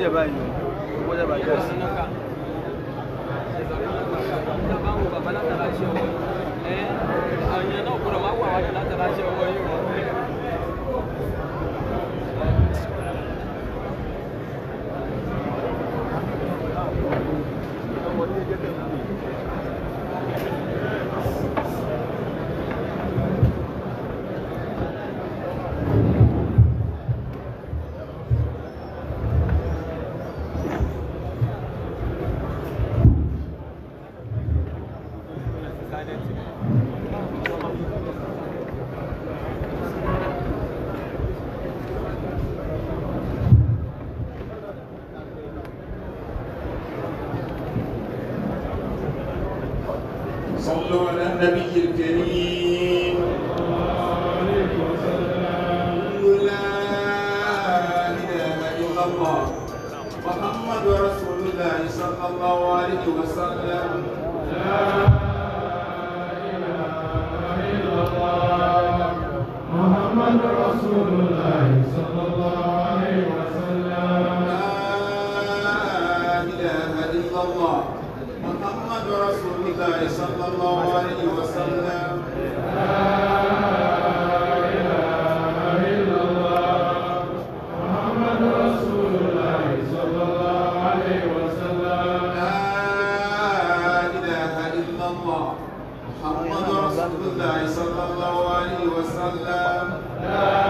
对吧？Nabi رسول الله صلى الله عليه وسلم لا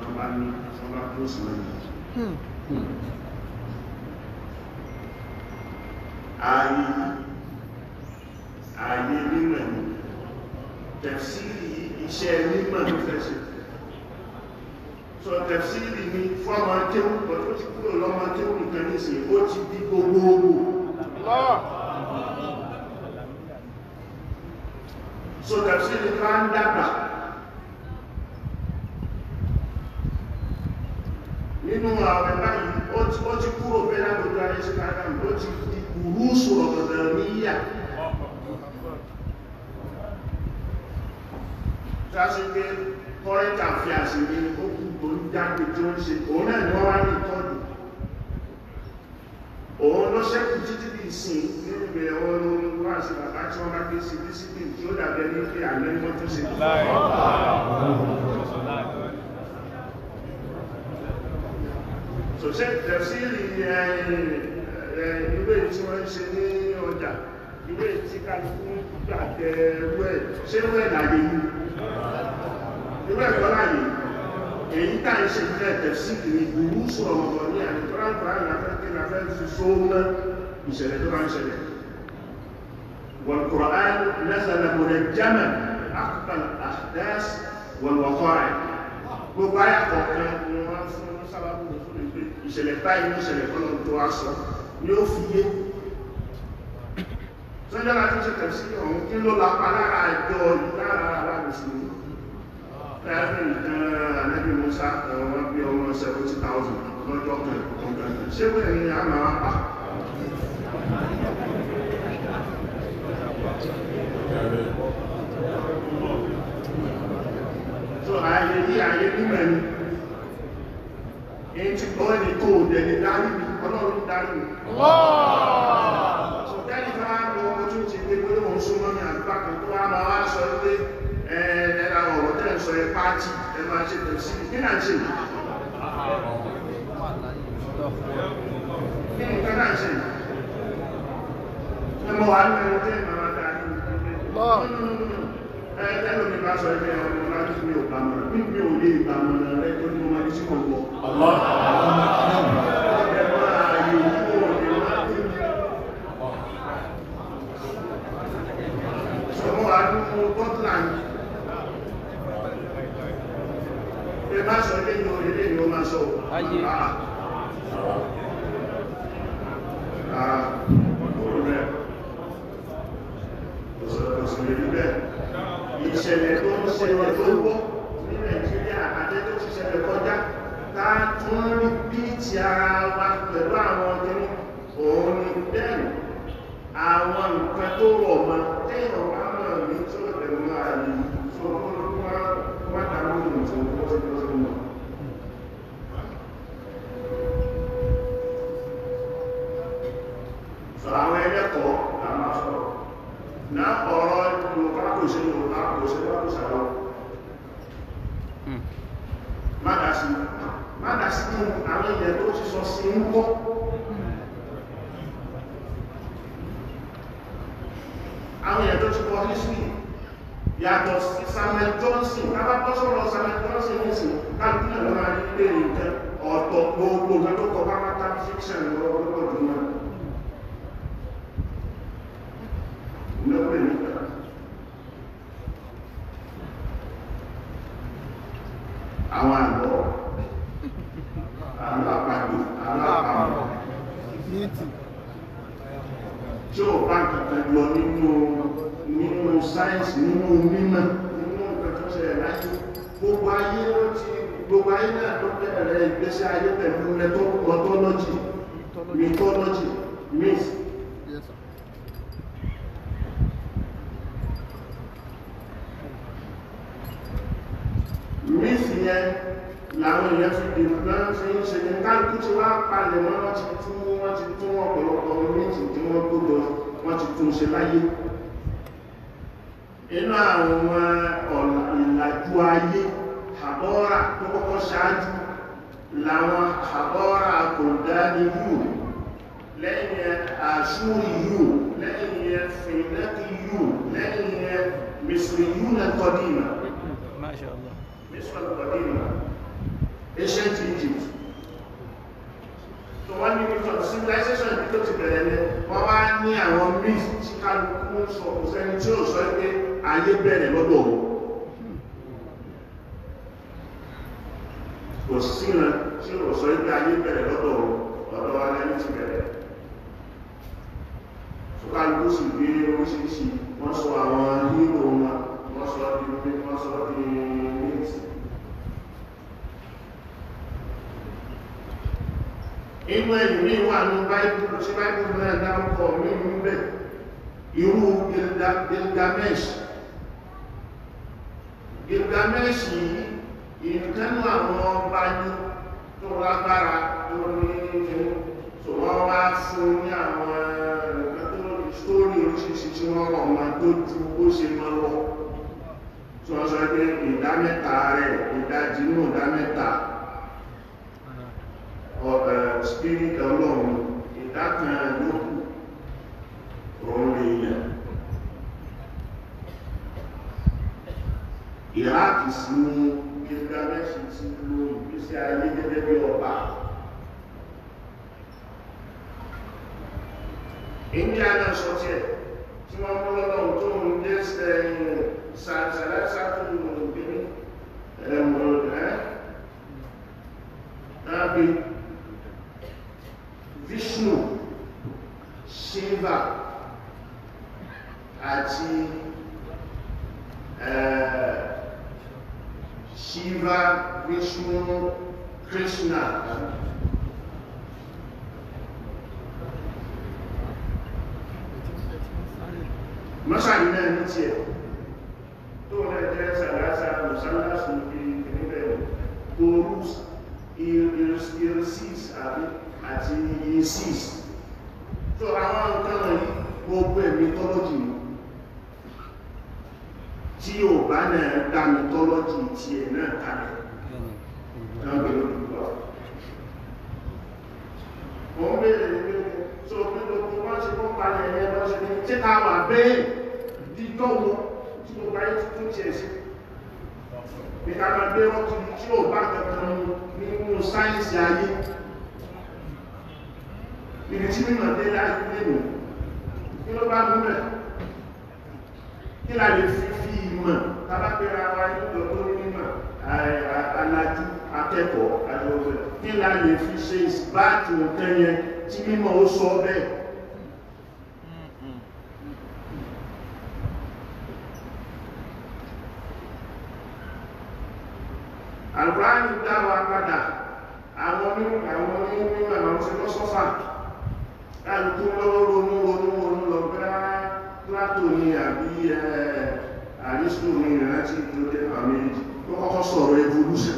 tán bá ní sọ́bá close mọ́ni ààyè ààyè mímọ̀ ní tẹ̀fsíìrì iṣẹ́ mímọ̀ ní fẹ́ṣẹ̀ so tẹ̀fsíìrì ní fọ́mà tẹ́wù pẹ̀lú ti kúrò lọ́mà tẹ́wù nìkan ní ìsìn ó ti di gbogbogbò so tẹ̀fsíìrì ká ń dàgbà nínú ààrẹ báyìí ó ti kúrò bẹ́ẹ̀ lójú ayé Instagram ó ti fi kùrúsù ọ̀gọ̀dọ̀ níyà sáṣe pé kọ́rẹ́tà fi àṣìrí ó kú tó ń jáde tó ń ṣe òun náà ni wọ́n wá ní ìtọ́jú òun ló ṣẹ́kù títí bí ìsìn nínú ìbẹ̀ ọ̀rọ̀ orin kò sí tẹ̀síìrì ìwé tí wọ́n ṣe ní ọjà ìwé tí kálukú gbà tẹ ẹrú ẹ̀ ṣé wọ́n ẹ̀ láyé yìí irú ẹ̀kọ́ láyé èyí tá à ń ṣe fẹ́ tẹ̀síìrì ní ìlú sọ̀rọ̀ ọ̀rọ̀ ní àdìkọ́láńtọ́ àlàfẹ́ láfẹ́ fi sóńná ìṣẹ̀lẹ̀ tó bá ń ṣẹlẹ̀ والقرآن نزل منجما أقبى الأحداث والوقائع gbogbo ayé àkọ́kọ́ ni wọ́n fún sábàbù ìṣẹ̀lẹ̀ báyìí ní ìṣẹ̀lẹ̀ kọ́nà tó wá sọ ni ó fi yé sọ́jọ́ láti ṣe tẹ̀sí ọ̀hún kí ló lapa lára àjọ lára ara mùsùlùmí ẹ̀rìn ànẹ́bí musa ẹ̀wọ̀n bí ọmọ 70,000 lọ́jọ́ kan ọ̀gbọ̀n ṣé bẹ́ẹ̀ ni a máa pa so ayé ní ayé ní mẹ́rin èyí tí ẹni tó dẹ̀ lè darí mi ọlọ́run darí mi. sọ tẹ́lẹ̀ fẹ́ wá ọmọ tó ti gbé gbọ́dọ̀ wọn súnmọ́ mi àgbà kan tó wá máa wá sọ pé ẹ ẹ ra ọ̀rọ̀ tẹ̀ ń sọ ẹ pàtì ẹ máa ṣe tẹ̀ sí kí náà ṣe. kí ni kí náà ṣe? ẹ mọ wàá lọ ẹ tẹ́ ẹ máa darí mi ẹlòmí bá sọ ẹgbẹ́ ọmọ láti mi ò bá mọ̀ ní mi ò lè bá mọ̀ rẹ tó ní ọmọ sí ọgbọ́ Sọmọ́ àdúgbò Portland, ẹ má sọ ilé ìlú ilé ìlú ọmọ sọ. Ayé. òṣèlú níbẹ̀ ìṣẹ̀lẹ̀ tó ń ṣẹlẹ̀ tó wọ́ ní nàìjíríà àti tó ti ṣẹlẹ̀ kọjá ta tún rí bíìtì ara wa pẹ̀lú àwọn ọdún òun ni bẹ́ẹ̀ àwọn nǹkan tó rọ̀ mọ́ téèyàn wá mọ̀ ní tó ẹ̀rọ àyè tó kọ́ ló wá wá dáwọ́ ìrìn tó kọ́ sí ṣe ń kọ́ àwọn èèyàn tó ti kọ́ history yàtọ̀ Samuel Johnson tábàtọ́ sọ̀rọ̀ Samuel Johnson nìsín káàkiri náà ló máa ń pè nǹkan ọ̀tọ̀ gbogbo nǹkan tó kọ bá máa ta fiction lọ́wọ́ lọ́wọ́ sí nínú mímọ̀ nínú ìgbẹ̀tọ́sẹ̀ láti gbogbo ayé ó ti gbogbo ayé náà tó bẹ̀rẹ̀ ìgbésí ayé pẹ̀lú lẹ́tọ́lọ́jì mythology means mísì yẹn làwọn èèyàn fi dìbò náà fi ń ṣe ní kálukú tí wá palẹ̀ mọ́ wọ́n ti tún ọ̀pọ̀lọpọ̀ mísì tí wọ́n gbogbo wọ́n ti tún ṣe láyé inú àwọn ọ̀nà ìlàjú ayé àbọ́ra tó kọ́kọ́ ṣáájú láwọn àbọ́ra kòdáni yóò lẹ́yìn àṣúrí yóò lẹ́yìn fìnẹ́kì yóò lẹ́yìn misri yóò na kọdíma Masha Allah. Misri kọdíma ancient Egypt tó wọ́n ní ìwòsàn civilization ibi tó ti bẹ̀rẹ̀ lẹ wọ́n wá ní àwọn míì tí kálukú sọ kò sẹ́ni tí ó sọ pé ayé bẹ̀rẹ̀ lọ́dọ̀ wọn kò síran tí ó sọ pé ayé bẹ̀rẹ̀ lọ́dọ̀ wọn lọ́dọ̀ wa láyé ti bẹ̀rẹ̀ tó kálukú sì gbé oríṣiríṣi wọ́n sọ àwọn hero wọn inú ẹ̀lùmí wà ní báìbùlù tí báìbùlù náà dárúkọ mí ń bẹ̀ irú Gilgamesh Gilgamesh yìí ìkánú àwọn ọba ní tó lágbára tó ní ìfún tó wọ́n wá fún ní àwọn stórí oríṣiríṣi tí wọ́n rọ̀ wọn tó ju ó ṣe mọ́ lọ tí wọ́n sọ pé ìdámẹ́ta rẹ̀ ìdájínú ìdámẹ́ta spirit ọlọ́run ìdákan lókù òun lè yàn ìrákì sí ní gilgamesh ti lo ìgbésí ayé gẹ́gẹ́ bí ọba india náà sọ tí ẹ̀ tí wọ́n mú lọ́lọ́run tó ń dé sẹ́yìn sàtàlẹ́sàtò ìgbéni ẹ̀mọ̀rọ̀ nǹkan yẹn tí mímọ̀ ó sọ bẹ́ẹ̀ àgbáyé dáwà padà àwọn mímọ̀ àwọn mímọ̀ àwọn fílọ́sọ́fà láàrínkú lọ́wọ́ ronú ronú ronú lọ Plato ni àbí àrísù ní ìrántí tó tẹ́fà méjì tó kọ́kọ́ sọ̀rọ̀ evolution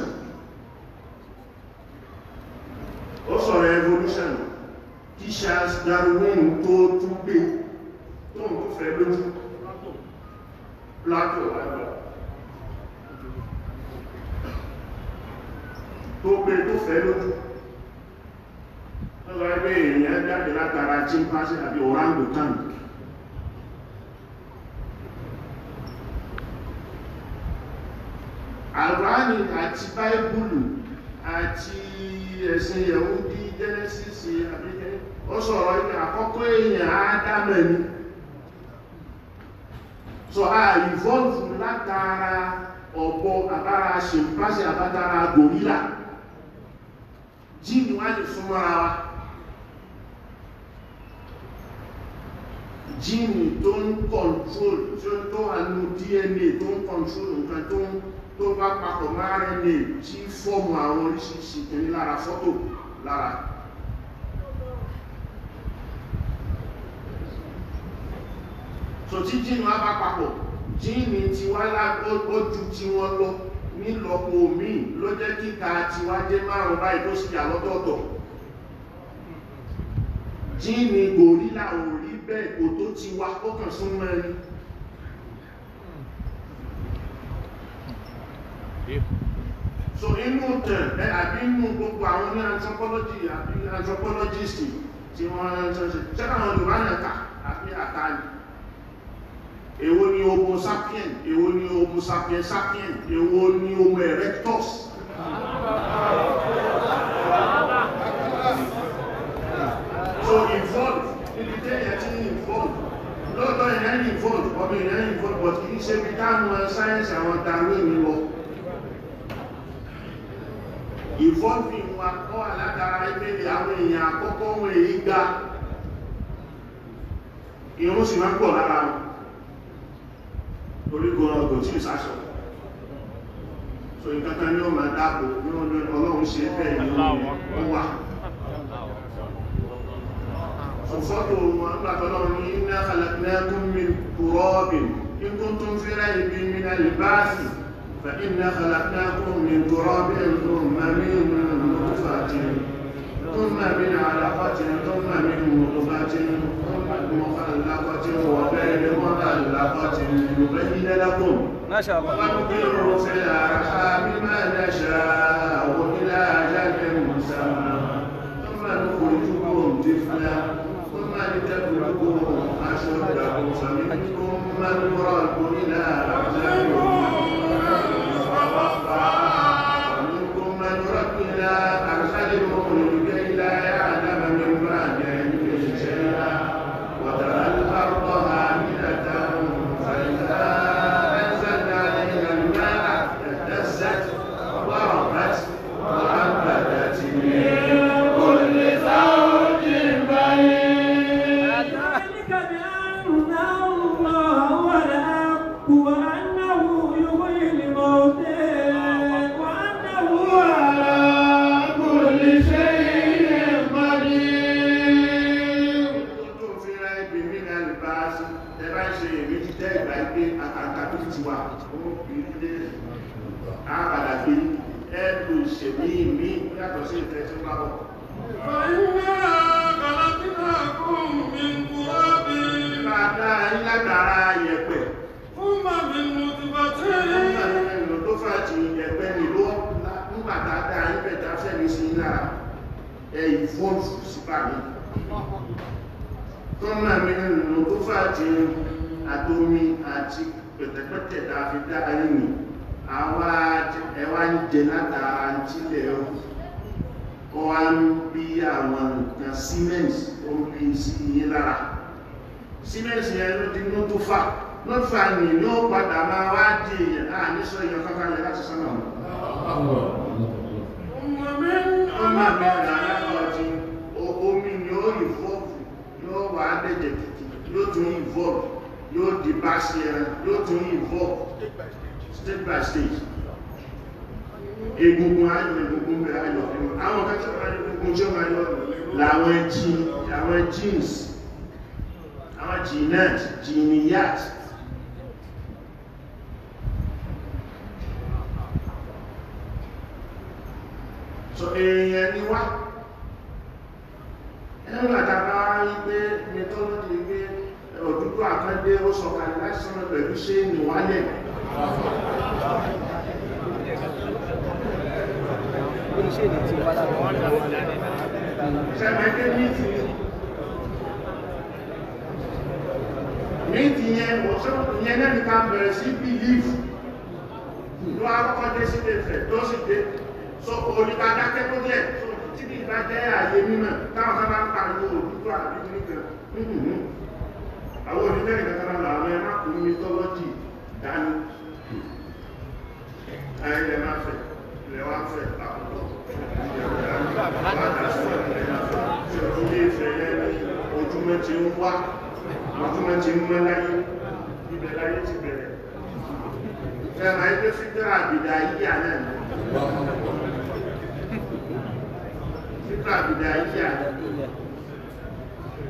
pẹ̀lú lọ́wọ́ ẹgbẹ́ èèyàn jáde látara chimpanzee àbí orangutan alwani àti báíbùlù àti ẹ̀sìn yẹ̀húdí genesis àbíkẹ́ ó sọ̀rọ̀ ní àkọ́kọ́ èèyàn ádámẹ̀ so jíìnì wá lè fún mọ́ra wa jíìnì tó ń kọ̀ntrol tí ó tó wà ní DNA tó ń kọ̀ntrol nǹkan tó ń tó bá papọ̀ mọ́ RNA tí fọ́ọ̀mù àwọn oríṣiríṣi kìíní lára fọ́tò lára so tí jíìnì wá bá papọ̀ jíìnì ti wá lágbọ́jú tí wọ́n lọ nílọ́pọ̀ omi ló jẹ́ kíka ti wá jẹ́ márùn báyìí tó sì àlọ́tọ̀ọ̀tọ̀ jí ni gòrílà ò rí bẹ́ẹ̀ kò tó ti wá kọ́kàn sún mẹ́rin so inú tẹ̀ àbí inú gbogbo àwọn ní anthropology àbí anthropologist tí wọ́n ń ṣe ṣe ṣẹ́kàwọn olùwánàkà àbí àtàlì èwo ni homo sapien èwo ni homo sapien sapien èwo ni homo erectus so involve níbi tẹ́yẹ tí involve lọ́dọ̀ ìyẹn involve ọmọ ìyẹn involve but kìí ṣe bí táwọn sáyẹ́nsì àwọn Darwin lọ involving wa kọ́ aládàra ìpele àwọn èèyàn àkọ́kọ́ wọn èyí gba irun sì máa ń pọ̀ lára wọn torí gan kò tí ìsáṣọ so ìkàtà ní ọmọ dáàbò ní ọlọ́run ṣe bẹ́ẹ̀ ní ó wà ọ̀fọ́dù wọn ní iná kàlàkùn mi kùrọ́ọ̀bì in kún tún fi ibi mi na lè báàsì fa iná kàlàkùn mi kùrọ́ọ̀bì ẹ̀kùn mami mọ̀tọ́fàtì tún mami àlàfàtì tún mami mọ̀tọ́fàtì tún ما شاء الله ونقر في الأرحام ما نشاء إلى أجل مسمى ثم نخرجكم طفلا ثم لتبلغوا أشدكم فمنكم من إلى dá ayé nì àwa ẹwà ń jẹ látara tílẹ̀ ọ wá ń bí àwọn nǹkan siemens ó ń bí sí iye lára siemens yẹn ló di inú tó fà ló fà ní ló padà máa wá di èèyàn náà ní sọ èèyàn kankan lè láti sọ́nà ọmọ mẹ́rin alákọ̀ọ́ ti omi ni ó ìfọ́ọ̀fù yóò wà á dẹ̀jẹ̀ yóò tún ìfọ́ọ̀fù yóò di bá sí ẹran yóò tún ìfọ́ọ̀fù Step by state egungun ayọ̀ egungun bẹ̀rẹ̀ ayọ̀ àwọn kan tí wọ́n máa egungun tí wọ́n máa yọ làwọn jean àwọn jeans àwọn jeanette jeaniyat so èèyàn ni wá ẹ̀rọ àtàbá yí pé methodology òdúgbò àkàndé ó sọ̀kalẹ̀ lásán pẹ̀lú ṣé nìwálẹ̀ sẹ́mẹ̀kẹ́ mítì mítì yẹn wọ́sán yẹn náà ní ká bẹ̀rẹ̀ sí bílífù ló akọ́kọ́dé sí ẹ̀fẹ̀ tó sì dé so olùgbàdákẹ́ tó jẹ́ tí bí ìbá jẹ́ àyè mímọ̀ táwọn sábà ń pariwo òdúgbò àbí nìkan hmm, hmm, hmm àwọn onílẹ̀ ìkàkàrà làwọn ẹranko mythology dání ayẹyẹ máa fẹ́ ilẹ̀ wá fẹ́ àkọ́kọ́ ilé ìfẹ́ yẹn ojúmọ́ ti ń wá ojúmọ́ ti ń mọ́ láyé ibẹ̀ láyé ti bẹ̀rẹ̀ ẹ̀rọ ẹgbẹ́ fídíà àbìdá yìí àná ni fídíà àbìdá yìí àná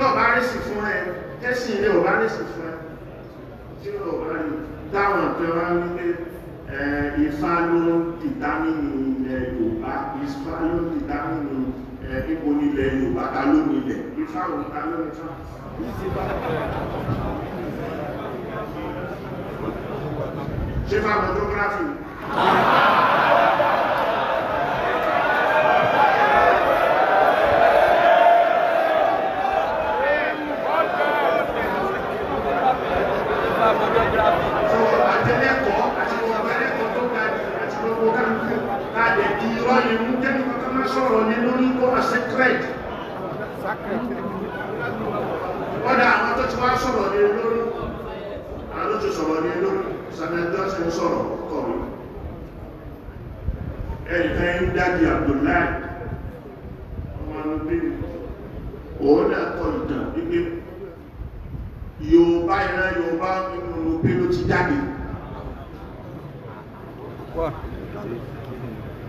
tó bá rí sí fún ẹ tẹ́sìn ilé ò bá rí sí fún ẹ tí ò bá rí dáwọn ọ̀pẹ́ wá wípé Ifá ló dìdámìnì ilẹ̀ Yorùbá Ifá ló dìdámìnì ipò nílẹ̀ Yorùbá ta ló nílẹ̀ Ifá òun ta ló nífà ṣe fáwọn tó gráfì sọ̀rọ̀ ní lórí kó a secret ọ̀dà àwọn tó ti wá sọ̀rọ̀ ní lórí àwọn tó ti sọ̀rọ̀ ní lórí Samuel Johnson sọ̀rọ̀ kọ̀wé ẹ̀ka ń dájú Abdullahi ọmọ alùpùpù òun náà kọ̀ ìtàn pípé Yorùbá ìran Yorùbá nínú olùpùpù ló ti jáde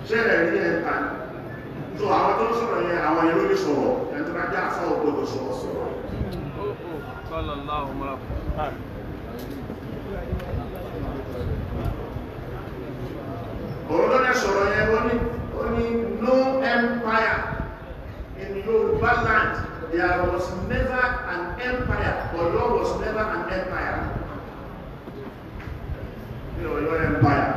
ṣẹlẹ̀ rí ẹ̀ka tó àwọn tó sọ̀rọ̀ yẹn àwọn ẹ̀rọ ní sọ̀rọ̀ ẹni jẹ́ àfọ́ ògbódò sọ̀rọ̀ sọ̀rọ̀. òun ló sọ̀rọ̀ yẹn ó ní no empire in Yorùbá land there was never an empire Ọ̀yọ́ was never an empire. Ọ̀yọ́ empire.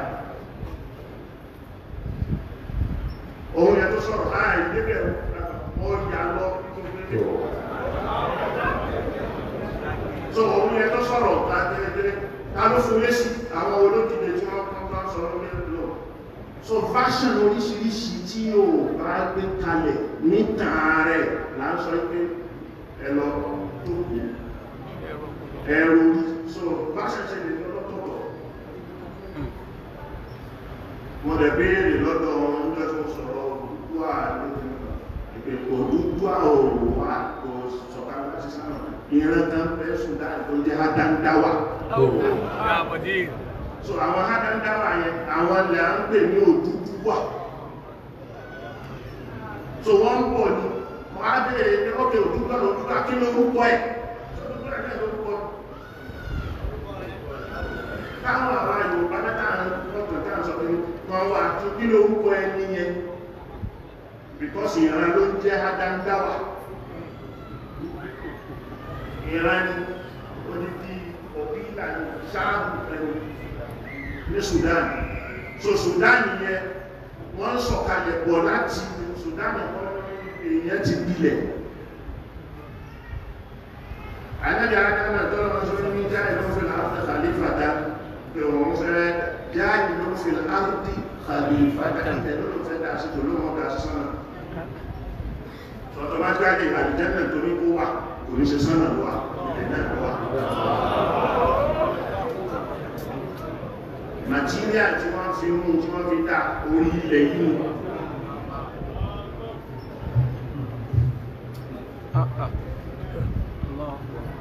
alóṣoríṣi àwọn olókìlẹ̀ tí wọ́n kọ́ bá sọ lórí lọ so fashion oríṣiríṣi tí o bá gbé kalẹ̀ níta rẹ̀ là ń sọ pé ẹ̀lọ tó kù ẹ̀rù so fashion ṣe lè ní ọlọ́tọ̀ọ̀tọ̀ dẹ̀ béèrè lọ́dọ̀ ọmọ nígbà tí sọ̀rọ̀ òdúdú à lójú kò sọ̀kà lọ́sí sáà ìrántán pẹ̀sùn dáa jẹ́ àdáńdáwà so àwọn hádáńdáwà yẹn àwọn là ń pè ní òjújú wà so wọ́n ń bọ̀ ní wọ́n á bèèrè ní ọkẹ̀ òjújú lọ́dúnlá kí ló rúkọ ẹ̀ káwọn àwọn Yorùbá mẹ́ta ọkọ̀ táà sọ pé wọ́n wà tún kí ló rúkọ ẹ̀ níyẹn because ìran ló jẹ́ hádáńdáwà ìran ni kan ṣáàbù pẹ̀lú ní Sudan so Sudan yẹn wọ́n sọ̀kalẹ̀ bọ̀ láti Sudan èèyàn ti bilẹ̀ anábì arákàmà tọ́lọ́ wọn sọ ní jáì ló fi láàrín khalifa dá pé wọ́n fẹ́ jáì ló fi láàrín khalifa dá ìtẹ̀lọ́ ló fẹ́ dá sí tó ló wọ́n dá sí sọ́nà sọ́tọ́ bá jáde àdìjẹ́mẹ̀ tó ní kó wà kò ní ṣe sọ́nà wà ìdẹ̀nà wà material tí wọ́n fi mú tí wọ́n fi dá orí ilẹ̀ yìí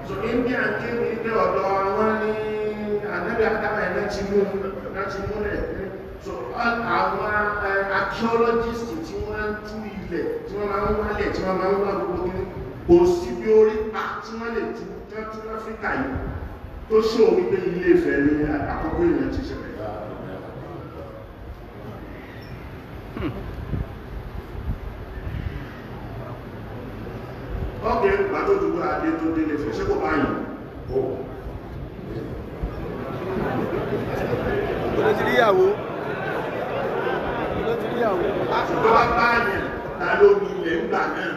so india kí ní ilé ọ̀dọ̀ wọn ní anábì àdámà ẹ̀ láti mú rẹ̀ so àwọn archaeologist tí wọ́n ń tú ilẹ̀ tí wọ́n máa ń wálẹ̀ tí wọ́n máa ń wá gbogbo ní kò sí bí orí pa tí wọ́n lè tú tán tí wọ́n tó ṣó wípé ilé Ifẹ̀ ní àkọ́kọ́ ìrìn àti ìṣẹ̀lẹ̀ ọkùnrin hmm. bá tó dùgbò adé tó délé fẹ́ ṣe kò bá yìí ó ló ti ríyàwó ló ti ríyàwó aṣùgbọ́ bá báyìí ta ló ní ilẹ̀ ńgbà náà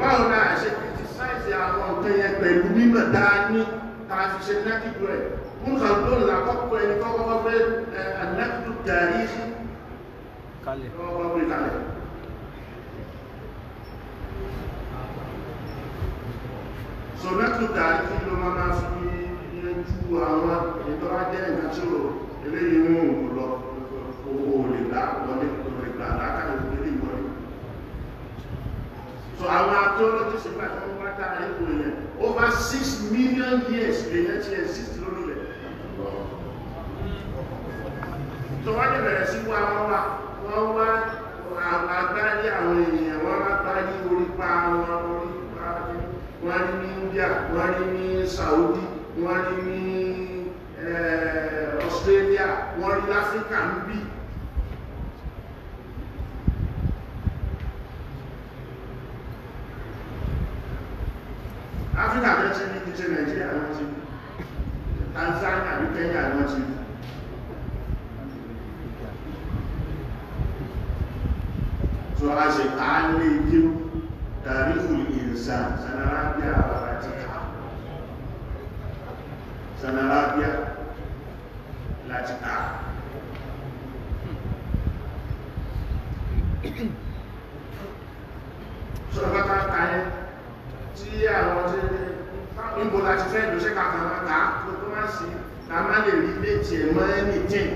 báwo la ṣe criticize àwọn nǹkan yẹn pẹ̀lú mímọ̀ tá a ní tá a fi ṣe nẹ́kìtù rẹ̀ fún kan tó là kọ́kọ́ ẹni tó kọ́kọ́ fẹ́ nẹ́kìtù gàrí sí kalẹ̀ lọ́wọ́ pé kalẹ̀ so nẹ́kìtù gàrí sí ló máa máa fi yanjú àwọn ìtọ́ra jẹ́ ìdájọ́ eléyìí mú òun lọ òun ò lè gbà wọlé òun lè gbà lákàtà so àwọn archaeologists nígbà tí wọ́n bá dá ẹ̀kọ́ yẹn over six million years lèyẹn ti exist lórí rẹ̀ tó wọ́n lè wow, sí wow, wọ́n wow, wọ́n wow, àwọn wow, àwọn wow, wọ́n wow, orí wow, wọn wow, pa wow, rí wow, India wow, rí wow, Saudi wow, rí wow, eh, Australia wow, rí wow, Africa wow, bíi áfíríkà tó ṣe ní kíṣe nàìjíríà wọ́n ti tanzania àbí kenya wọ́n ti tó a ṣe káàlẹ̀ ìdí tàrífù ìrìnsà sanarabia àwàratíkà sanarabia latíkà sọ́dọ̀ bá ká káyẹ́ tí àwọn tí níbo la ti fẹ́ ìlú ṣe kàkà wọn ká ló tó máa sí ká má lè rí ilé tiẹ̀ mọ́ ẹni dín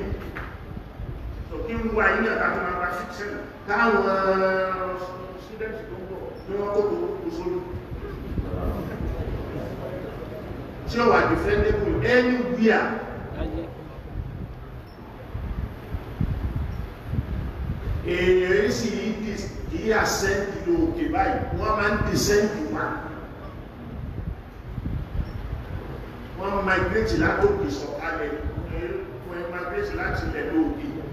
tó kí ń wá ilé ọ̀tá tó máa gba fiction táwọn students tó ń bọ̀ ní wọ́n kó tó kó sórí tí ó wà defendable anywhere èèyàn sì yí àṣẹ́ǹdì lóòkè báyìí wọ́n máa ń dìṣẹ́ǹdì wá wọ́n migrate látòkè sọ̀kalẹ̀ wọ́n migrate láti ilẹ̀ lóògbé sọ̀rọ̀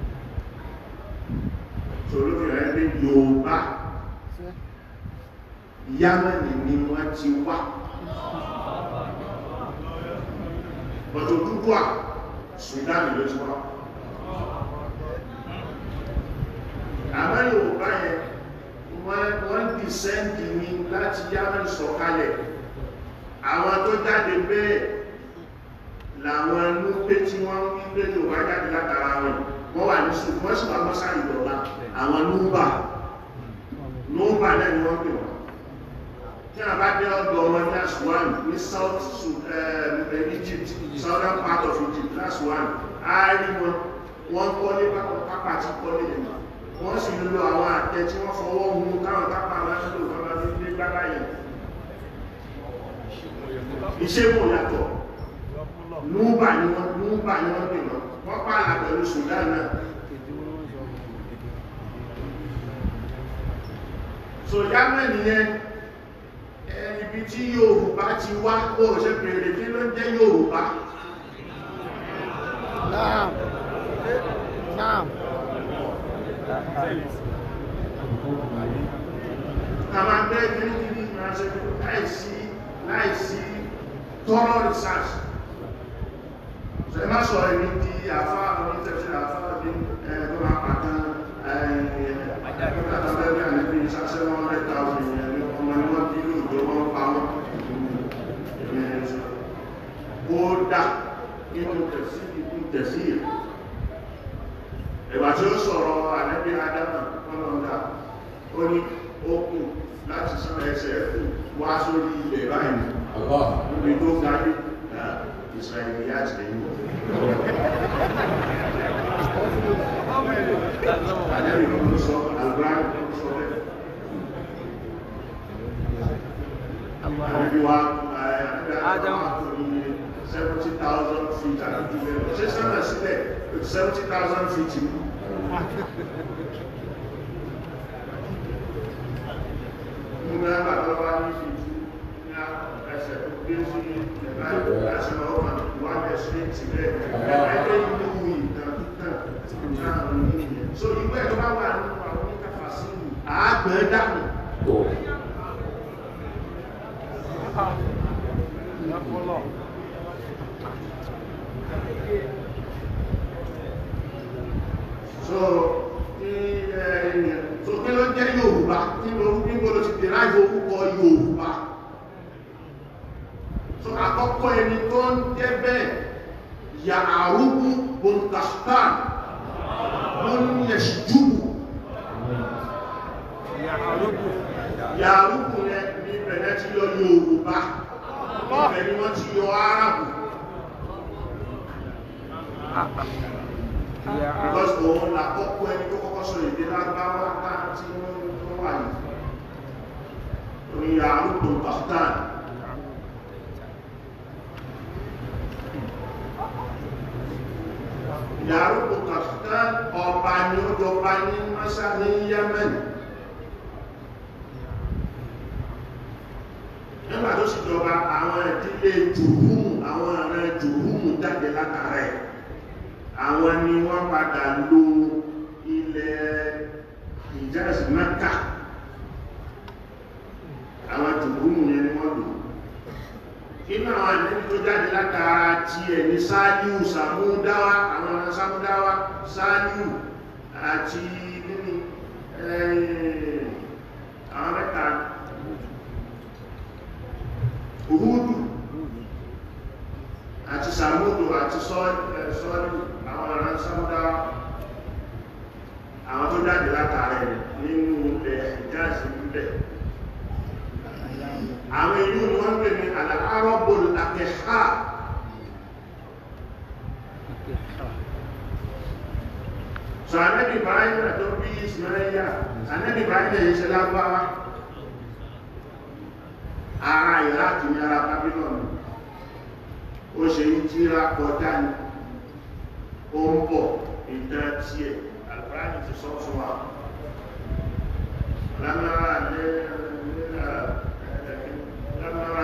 fi hàn pé Yorùbá Yámánì ni wọ́n ti wá bọ̀tò dúdú à Sudan ló ti wá àmọ́ Yorùbá yẹn wọ́n dìsẹ́ǹdì ni láti Yámánì sọ̀kalẹ̀ àwọn tó jáde bẹ́ẹ̀ làwọn ló pé tí wọ́n ń pé ní òwá jáde látara wọn wọ́n wà ní sùn wọ́n sì wà mọ́sá ìdọ̀la àwọn núbà núbà náà ni wọ́n pè wọ́n tí a bá dé ọ̀dọ̀ wọn class one ní south eh, eh, Egypt southern part of Egypt class one á rí wọn wọ́n kọ́ ní pápá tí kọ́ ní ìlú wọ́n sì lo àwọn àtẹ tí wọ́n fọwọ́ mú táwọn pápá aláṣẹ́lò bá bá fi gbé gbára yẹn iṣẹ́ yàtọ̀ lúbà ni wọ́n lúbà ni wọ́n pè wọ́n wọ́n pààlà pẹ̀lú Sudan náà so Germany yẹn ibi tí Yorùbá ti wá kó ṣe bèèrè kí ló ń jẹ́ Yorùbá Naam. Naam. Àwọn abẹ́ ìgbìyànjú ní ìrìnàṣẹ́ láìsí tọ́rọ research ṣe má sọ èmi di àfa àwọn oníṣẹ́ṣe àfa àbí ẹ̀ẹ́dọ́ máa pàtàn àtàbẹ́bẹ́ àlẹ́bí ìṣàṣẹ́ wọn rẹ̀ ta òyìn ẹ̀mí ọmọ ni wọ́n bí lòdò wọn pa wọn ó dá nínú tẹ̀sí ìkú tẹ̀sí ìgbà tí ó sọ̀rọ̀ àlẹ́bí adama ọlọ́dà ó ní okùn láti sọ ẹsẹ̀ ẹ̀kùn wá sórí ilẹ̀ báyìí níbi tó ga níbi Israeliyat lẹ́yìn. Àdéhùn ló sọ àgbáyé ló sọ seventy thousand feet àdúgbò bẹ́ẹ̀. Ṣé sọ́nà seventy thousand feet ẹsẹ̀ tó gbé sí ẹ̀bá láti máa ó máa wá bẹ̀ sí ìtìlẹ̀ ẹgbẹ́ ìlú ìdàkútà ìjà àwọn ènìyàn so ìwé ẹ̀ bá wà nínú àwọn oníkàfà sí ìlú àágbẹ̀ e dànù. So, so kí ló jẹ́ Yorùbá? Kí ló ń gbé gbọ́dọ̀ ti dè láì orúkọ Yorùbá? àkọ́kọ́ ẹni tó ń jẹ́ bẹ́ẹ̀ yà àrúkú bọ̀ǹkàstán wọ́n ní ẹ̀ṣùjúbù yà àrúkú rẹ̀ ní ìbẹ̀rẹ̀ ti yọ Yorùbá ìbẹ̀ ni wọ́n ti yọ Árábù because òun làkọ́kọ́ ẹni tó kọ́kọ́ sọ èdè lágbáwá táà tí wọ́n wà yìí orí yà àrúkú bọ̀ǹkàstán yàrùkù kàkàtà ọba ni ó jọba ní mọ́sá ní Yemen nígbà tó sì jọba àwọn ìdílé jùhùmù àwọn ọ̀rẹ́ jùhùmù jáde látara ẹ̀ àwọn ni wọ́n padà lo ilẹ̀ Hijaz Mẹ́kà àwọn jùhùmù yẹn ni wọ́n lò inú àwọn ànábì tó jáde látara ti ẹ̀ ní sáájú sàmúdáwá àwọn ọmọ sàmúdáwá sáájú àti nínú eh, àwọn mẹ́ta òhúdù àti sàmúdù àti eh, sọ́ọ̀lù àwọn ọmọ sàmúdáwá الإسحاق so anabi ibrahim tó bí ismaila anabi ibrahim yìí ṣe lágbára ara ìrákì ní ara babylon ó ṣe ń jíra kọjá ní ó ń bọ̀ ìtàn tí ẹ̀ alfáàní ti sọ fún wa lámàrà lẹ́rẹ̀ lámàrà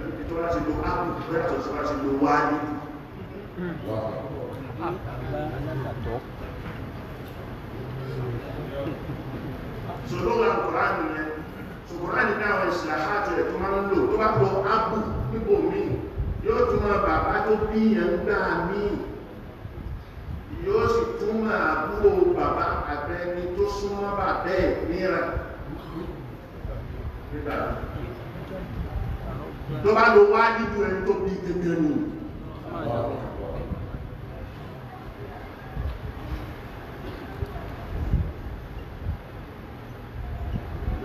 tó bá ti lo ápù bẹ́ẹ̀tọ̀ tó bá ti lo wáyé sọlọ́wọ́ àkùránì yẹn ṣùgbọ́nì ní àwọn ìṣìláṣà àti ẹ̀ tó máa ń lò tó bá lọ ápù níbò míì yóò tún máa bàbá tó bíyàn gbà míì yóò sì tún máa bú bàbá àbẹ́ni tó súnmọ́ bàbẹ́ ìníra nígbà tó bá lo wá nídú ẹni tó bí gẹ́gẹ́ nù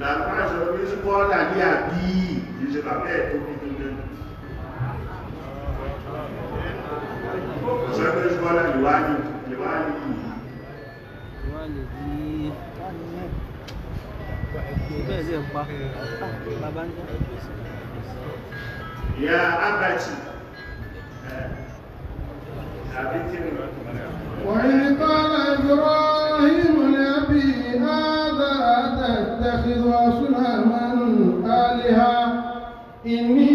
làbáṣọ bí sí bọ́ọ̀lá ní àbí ìṣẹ́ bàbá ẹ̀ tó bí gẹ́gẹ́ ọ̀sẹ̀ bí sí bọ́ọ̀lá ìwáyé ìwáyé bẹ́ẹ̀ lè pa bàbá ń jẹ́ يا أبت آه. وإن قال إبراهيم لأبيه هذا أتتخذ أصناما آلهة إني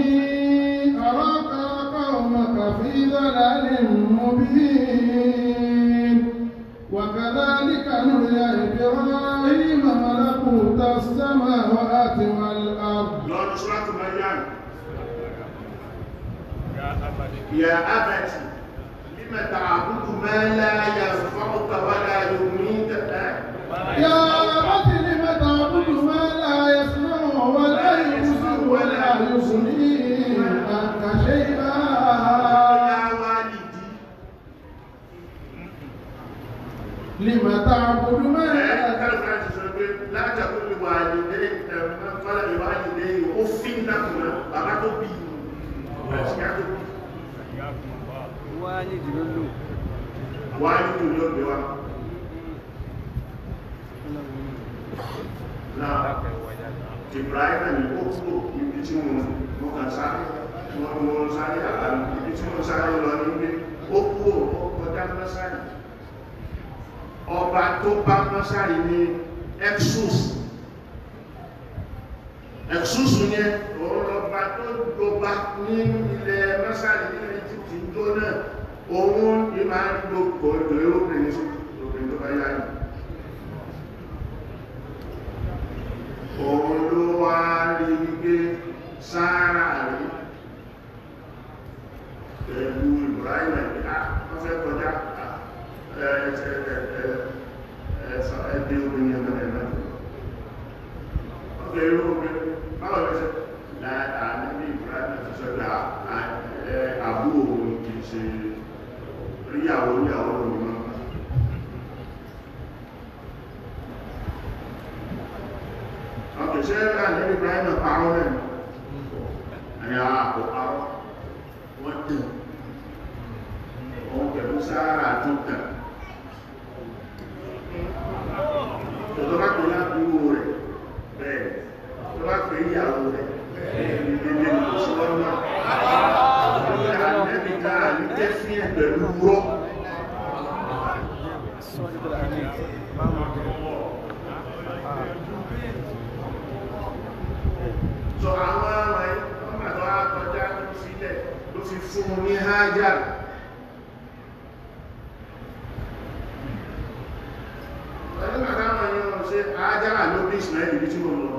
أراك وقومك في ضلال مبين وكذلك نري إبراهيم ملكوت السماوات والأرض. يا أبت لم تعبد ما لا ينفعك ولا يميتك يا أبت لم تعبد ما لا يسمع ولا يبصر ولا يغني عنك شيئا يا والدي لم تعبد ما لا لا تقول لوالديك فلا يوالديه أف لكما بابا tó bí wáyídì ló lò wáyídì ló lè wá náà Ibrahim ni ó kúrò ibi tí wọ́n kàn sáré wọ́n ni wọ́n sáré àbárí ibi ọba tó bá mọ́sáré ní exus ẹ̀sùsù yẹn òun lọba tó gbogbo ní ilẹ̀ mẹ́sàlì ní egypt tó náà òun ní máa ń gbogbo ìdòwé obìnrin obìnrin tó bá yá yìí òun ló wá rí wípé sáárà rí pẹ̀lú ibrahim ẹ̀dá wọ́n fẹ́ kọjá ẹ̀ẹ́dẹ́ obìnrin ẹ̀mẹ́rin náà èrò rẹ̀ báwo ló ṣe láàá níbi ìbúrádì tó sọ pé àbúrò òun kì í ṣe ríyàwó ríyàwó òun mọ́ ọkẹ̀ ṣe rà níbi ìbúrádì náà parọ́ rẹ̀ àyà rẹ̀ tó bá pè ìyàwó rẹ̀ ilé ìṣòro náà ọ̀gá nẹ́bí ká ní tẹ́sí pẹ̀lú rọ́ sọ àwọn àwọn ẹ̀kọ́ àtọ́ àtọ́já ló ẹ̀yìn bàbá wọn yóò wọ́n ṣe àájára ló bí ìsìnlẹ̀ ibi tí mo lọ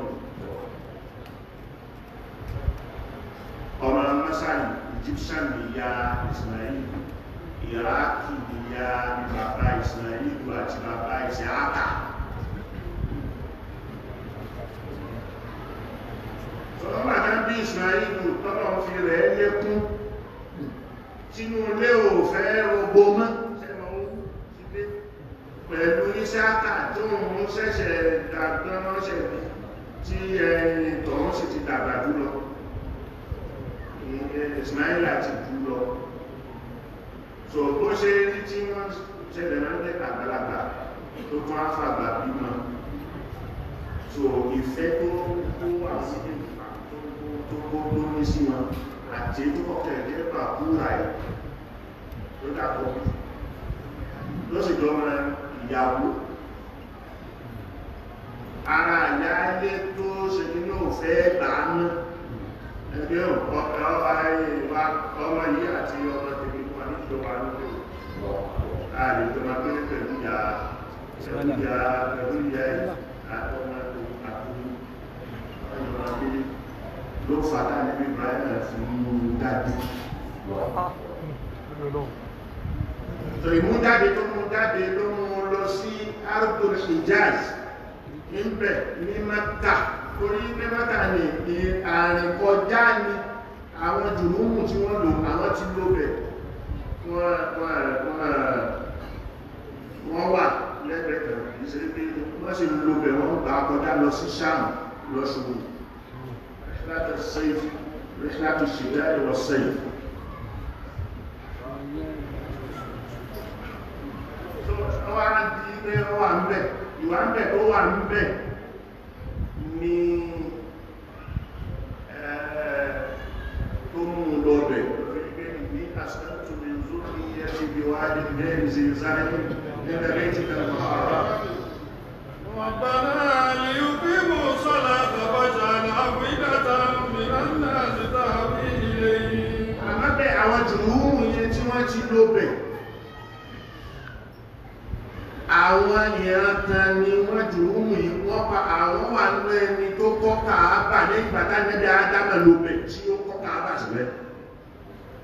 ọmọ masani egyptian ni ya ìsìnlẹ̀ iraki ni ya bàbá ìsìnlẹ̀ ìlú àti bàbá fi rẹ̀ lékún tínú ilé ò fẹ́ mọ́ pẹ̀lú ìṣáàkà tó ń ṣẹ̀ṣẹ̀ dàgbọ́nṣẹ̀ tí ẹni tọ̀hún sì ti dàgbà jùlọ ìsmáìlá ti jùlọ so bó ṣe rí tí wọ́n ṣẹlẹ̀ ránlẹ̀ àgbàlagbà tó kún àfàgbà bímọ so ìfẹ́ tó kó àwọn tó kó lórí sí wọn àti tó kọ̀kẹ́ ìdẹ́gbà kúrà ẹ̀ ló dàpọ̀ ló ìyàwó ara àyà ilé tó ṣe nínú òfẹ́ gbàánú ẹgbẹ́ ọ̀pọ̀ ọmọ yìí àti ọmọ tèmi wà ní ìjọba nílé ààrẹ tó máa gbé pẹ̀lú ìyá pẹ̀lú ìyá pẹ̀lú ìyá àtọ́mọ àti ọmọ gbé ló fàtà níbi Ibrahim fún dájú tó ìmúdáde tó mú dáde ló mú lọ sí ardul hijaz níbẹ̀ ní mẹ́ta torí ní mẹ́ta ní ààrin kọjá ní àwọn jùmúmù tí wọ́n lò àwọn tí ló bẹ̀ wọ́n wà lẹ́gbẹ̀ẹ́ kan ìṣẹ́ pé wọ́n sì lò bẹ̀ wọ́n gbà kọjá lọ sí sáàmù lọ́ṣùgbò láti ṣe ìwọ̀sẹ̀ ìfún tó wá rántí pé ó wà ń bẹ̀ ìwà ń bẹ̀ tó wà ń bẹ̀ ni eh, tó mú un àwọn jùlọ ń yẹn tí wọ́n ti lọ àwọn ìran kan ni wọ́n jù ú mú ìwọ́pa àwọn wà nínú ẹni tó kọ́ kàábà ní ìgbàtà níbi àádámà lóbẹ̀ tí ó kọ́ kàábà sílẹ̀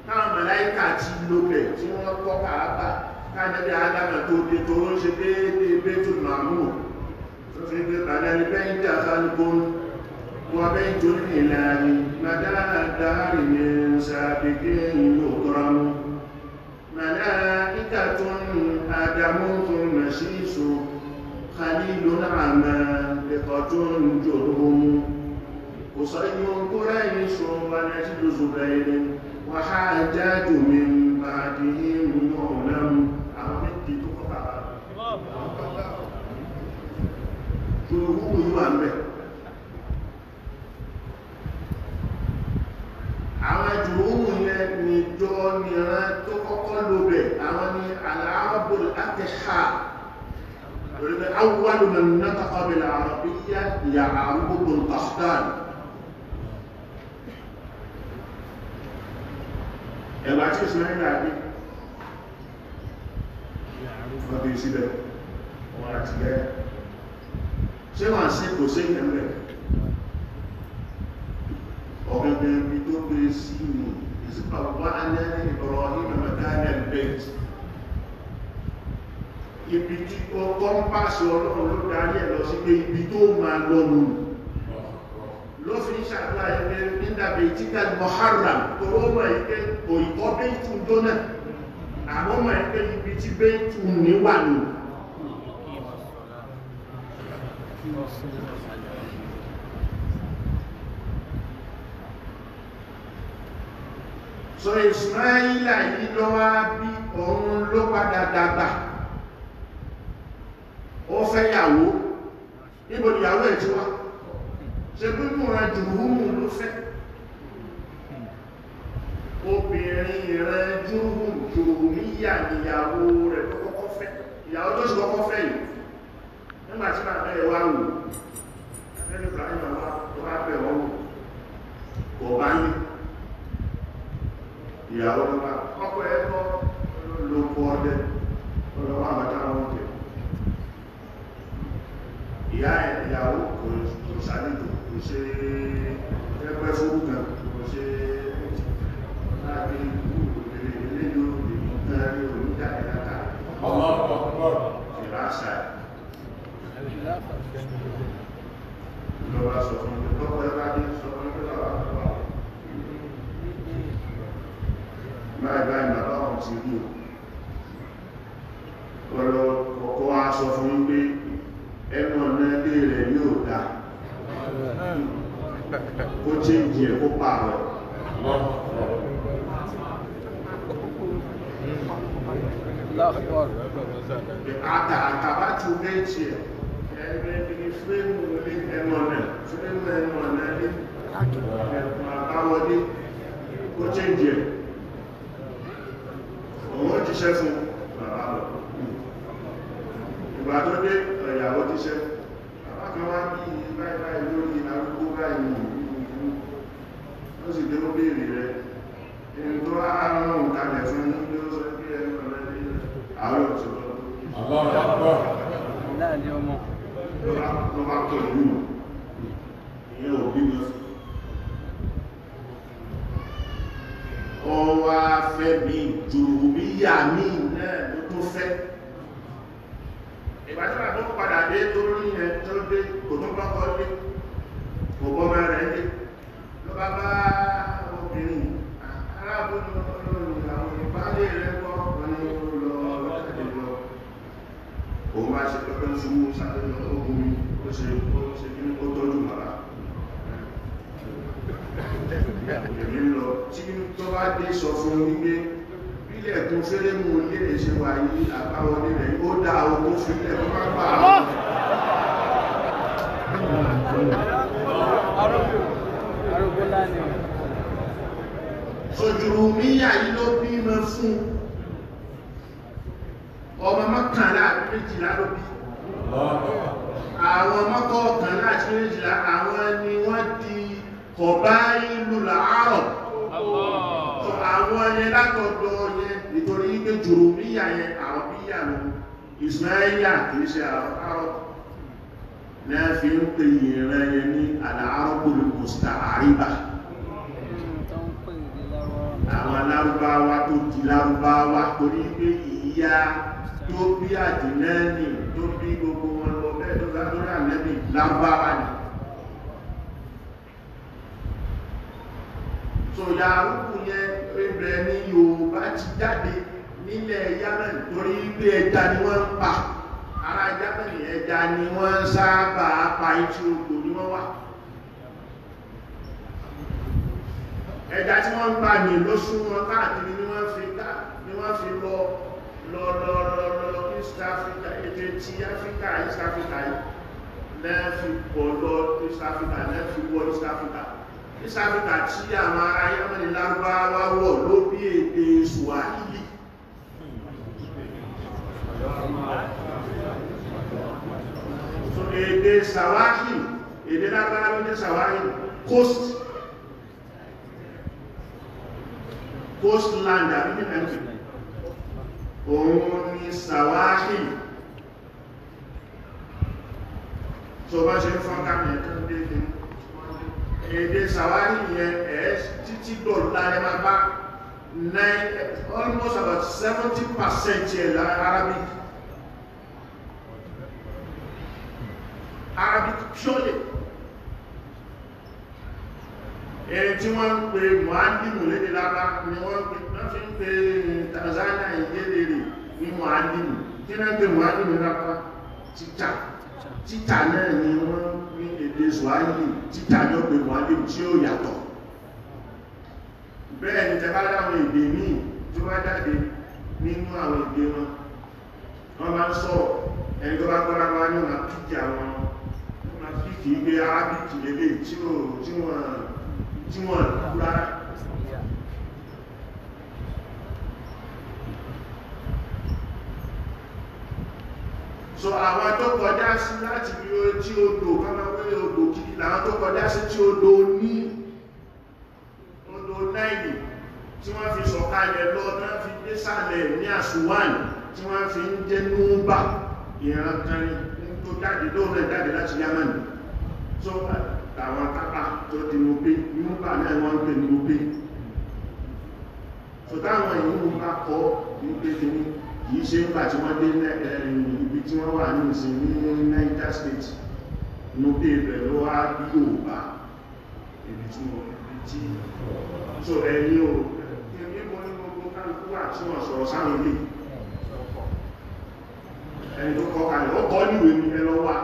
táwọn màláíkà ti lóbẹ̀ tí wọ́n kọ́ kàábà káàdẹ́bí àádámà tó dé tó ń ṣe déédéé bẹ́tù màmú tó fi gbé pàdánù bẹ́yìn dà fálúgbón wọ́n bẹ́yìn tó ní ìlànà madáadáa ní sàbẹ̀dẹ́ ìlú ọ̀gọ́rọ̀ mú màláà ضحكة أدم مشيش خليل عما ثقة جرهم قصي قريش ونجد زبير وحاجات من بعدهم معلم àmìtì tó kọ́kàrà. Ṣòro wù yíwà mẹ́. àwọn jùmúrù yẹn ní ìjọ mìíràn tó kọ́kọ́ lò bẹ̀ àwọn ni aláàbò láti ha lórí pé awọ́lù mẹ́rin náà tàkọ́ bẹ̀ làwọn bí yá ìyá àrùgbogbo pakistan ẹ̀bà tí ìsìnlẹ̀ àbí wọ́n bí síbẹ̀ wọ́n àti bẹ́ẹ̀ ṣé wọ́n sí kò sí ìyẹn bẹ́ẹ̀ ọ̀gẹ̀dẹ̀ ibi tó bèèrè sí ni ìsìpàlọ́wọ́ anẹ́rin Ibrahim mẹ́kánẹ̀ bẹ́ẹ̀t ibi tí ó kọ́ ń pàṣẹ ọlọ́run ló darí ẹ̀ lọ sí pé ibi tó máa lọ́nu ló fi ń ṣàdúrà ẹgbẹ́ nígbàgbé títà mọ̀hárà tó rọ́mọ̀ ẹgbẹ́ òyìnbọ́ bẹ́ẹ̀tù dọ́nà àmọ́mọ̀ ẹgbẹ́ ibi tí bẹ́ẹ̀tù níwà nù Thank you. so Ismaila yìí lọ wá bí òun ló padà dàgbà ó fẹ́ yàwó níbo ìyàwó ẹ̀ ti wá ṣe gbogbo rẹ̀ jùhúmù ló fẹ́ obìnrin rẹ̀ jùhùn jùhùmíyà ìyàwó rẹ̀ kọ́kọ́ fẹ́ ìyàwó tó ṣe kọ́kọ́ fẹ́ yìí nígbàtí máa bẹ́ẹ̀ wá wò ẹni Ibrahim wá bẹ̀ wọ́n wò kò bá yìí ìyàwó lọ́pàá ọkọ̀ ẹ̀ lọ lóko ọdẹ ọlọ́wọ́ àbájá wọn jẹ ìyá ẹ̀ ìyàwó kò sàlejò kò ṣe ẹgbẹ́ fúrú kan kò ṣe láti ìlú ìlú ìlú ìtẹ́rí oníjàdé láta ọlọ́pọ̀ ìlàṣà lọ́wọ́ sọ fún mi lọ́pọ̀ ẹ̀ bá dé sọ fún mi lọ́wọ́ máa bá ìmọ̀ báwọn ti rí o ọ̀rọ̀ ọkọ̀ wa sọ fún pé ẹnu ọ̀nà ilé rẹ̀ yóò dá kó chéǹjì ẹ̀ kó pààrọ̀ àtàkàbátù méjì ẹ̀ ẹgbẹ́ fíìmù ní ẹnu ọ̀nà fíìmù òun jíṣẹ́ fún bàbá lọ ìgbà tó dé ìyàwó jíṣẹ́ bàbá kan wá ní báyìí báyìí lórí arúgbó báyìí ó sì dé ó béèrè rẹ̀ èyí tó àárọ̀ òun kalẹ̀ fún ní ló sọ pé ẹnu rẹ̀ ní àárọ̀ òṣèlú láàrin ọmọ ló bá wọ́n wá fẹ́ mi jòmíyà mi náà ló tó fẹ́ ìgbàjọba tó ń padà dé tó rí ẹ̀ tó dé kò tó bọ́kọ́ dé kò bọ́ mẹ́rẹ̀ dé ló bá bá obìnrin aláàbòrò àwọn ìbálẹ̀ rẹ̀ wọ́n òun wá ṣe pẹ́pẹ́ fún sáré lọ́wọ́ omi ó ṣe kí ní kó tọ́jú màrá èmi lọ tí tó bá dé sọ fún wípé ilẹ̀ tó fẹ́lẹ́ mú ilé ìṣe wà yí àbáwọn ilẹ̀ ó dá o tó fi ilẹ̀ tó bá gbà á sojúrú míyà ló bímọ fún ọmọ mọ́kànlá méjìlá ló bí àwọn mọ́kànlá méjìlá àwọn ni wọ́n di kọ̀bá ìlú làárọ̀ àwọn yẹn látọ̀dọ̀ yẹn nítorí wípé jùrù níyà yẹn àrọ̀bíyà lọ ìsmáyà kìí ṣe àrọ̀ náà fi ń pè ìrìn yẹn ní àlàárọ̀kùnrin mùsùlá àríbà àwọn alárúbáwá tó di lárúbáwá torí pé ìyá tó bí àdínẹ́ni tó gbogbo wọn lọ bẹ́ẹ̀ tó lágbórí àlẹ́bì lárúbáwá ni tòyà arúgbó yẹn rẹ̀ ní Yorùbá ti jáde nílẹ̀ Yemen torí pé ẹja ni wọ́n ń pa ara Yemen ẹja ni wọ́n ń sábà pa etí odò ni wọ́n wà ẹja tí wọ́n ń pa ní ló súnmọ́ káàkiri ni wọ́n fi ká ni wọ́n fi lọ lọ lọ lọ lọ East Africa ètò ti Africa East Africa yìí lẹ́ẹ̀fi pọ̀ lọ East Africa lẹ́ẹ̀fi wọ East Africa East Africa tí àwọn ará Yemeni lárúbáwá wọ̀ ló bí èdè Swahili so èdè Swahili èdè lárúbáwá ló jẹ́ Swahili coast coastland àbí nìkan òun ni Swahili tó bá ṣe fọ́nká mẹ́tọ́ dé nínú èdè sàwárí yẹn ẹ̀ títí dọ̀lá ẹ máa almost about seventy percent yẹn la Arabic Arabic purely ẹni tí wọ́n ń pe mohandimu lédè lábá ni wọ́n fi ń pe Tanzania ìdérèrè ní mohandimu kí náà ń pe mohandimu lábá títà títà náà ni wọ́n ní èdè Swahili títà ní ọgbẹ̀ Muhammad tí ó yàtọ̀ bẹ́ẹ̀ ni tẹ́bá láwọn èdè míì tó wá jáde nínú àwọn èdè wọn wọ́n máa ń sọ ẹni tó bá gbọ́ra wá ní ọ̀nà píkì àwọn ọmọ píkì gbé arábìkì lélẹ̀ tí wọ́n kúrárá so àwọn tó kọjá sí láti bí ó tí ó lò kọ́nàwé odò kìí làwọn tó kọjá sí tí ó lò ní odò náìlì tí wọ́n fi sọ̀kalẹ̀ lọ tán fi dé sàlẹ̀ ní àsùwàn tí wọ́n fi ń jẹ́ núbà ìran kan tó jáde tó jáde láti yamani so àwọn tápà tó di so táwọn ìlú bá kọ́ kìí ṣe nígbà tí wọ́n dé ibi tí wọ́n wà ní ìsìn ní Niger State inú dé ibẹ̀ ló wá bí Yorùbá ibi tí wọ́n ti so ẹ̀yìn o ẹ̀mí mo ní gbogbo kálukú wà tí wọ́n sọ̀rọ̀ sáwọn ilé ẹni tó kọ kalẹ̀ ó kọ́ níwèé ní ẹ lọ́wọ́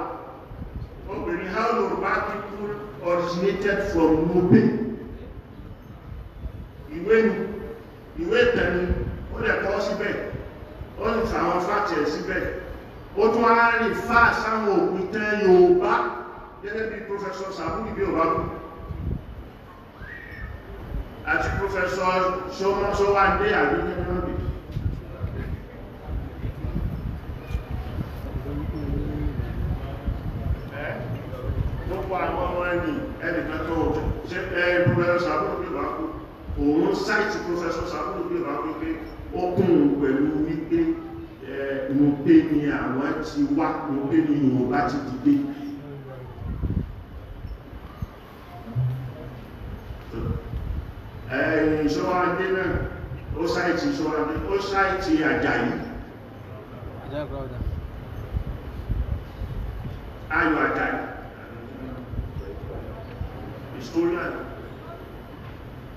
ó pè ní how Yorùbá people originated from Nubi ìwé ìwé tẹ̀lé ó lẹ̀ kọ́ síbẹ̀ ó ń ta àwọn fáàtì ẹ̀ síbẹ̀ ó tún á rí fáà sáwọn òpìtẹ́ Yorùbá gẹ́gẹ́ bí Professor Sàbúrì bí òbá kù àti Professor Sọmọ́sọ́wádé àríyẹ́ náà bìí gbogbo àwọn ọmọ ẹni ẹnìkan tó ṣe ẹ Professor Sàbúrì bí òbá kù òun sáìtì Professor Sàbúrì bí òbá kù pé ó kún un pẹ̀lú wípé mọ̀pé ni àwọn ti wá mọ̀pé ni Yorùbá ti dìde ẹ̀yìn ìṣọ́wádé náà ó sáìtì ìṣọ́wádé ó sáìtì Àjàyí ayọ̀ Àjàyí historian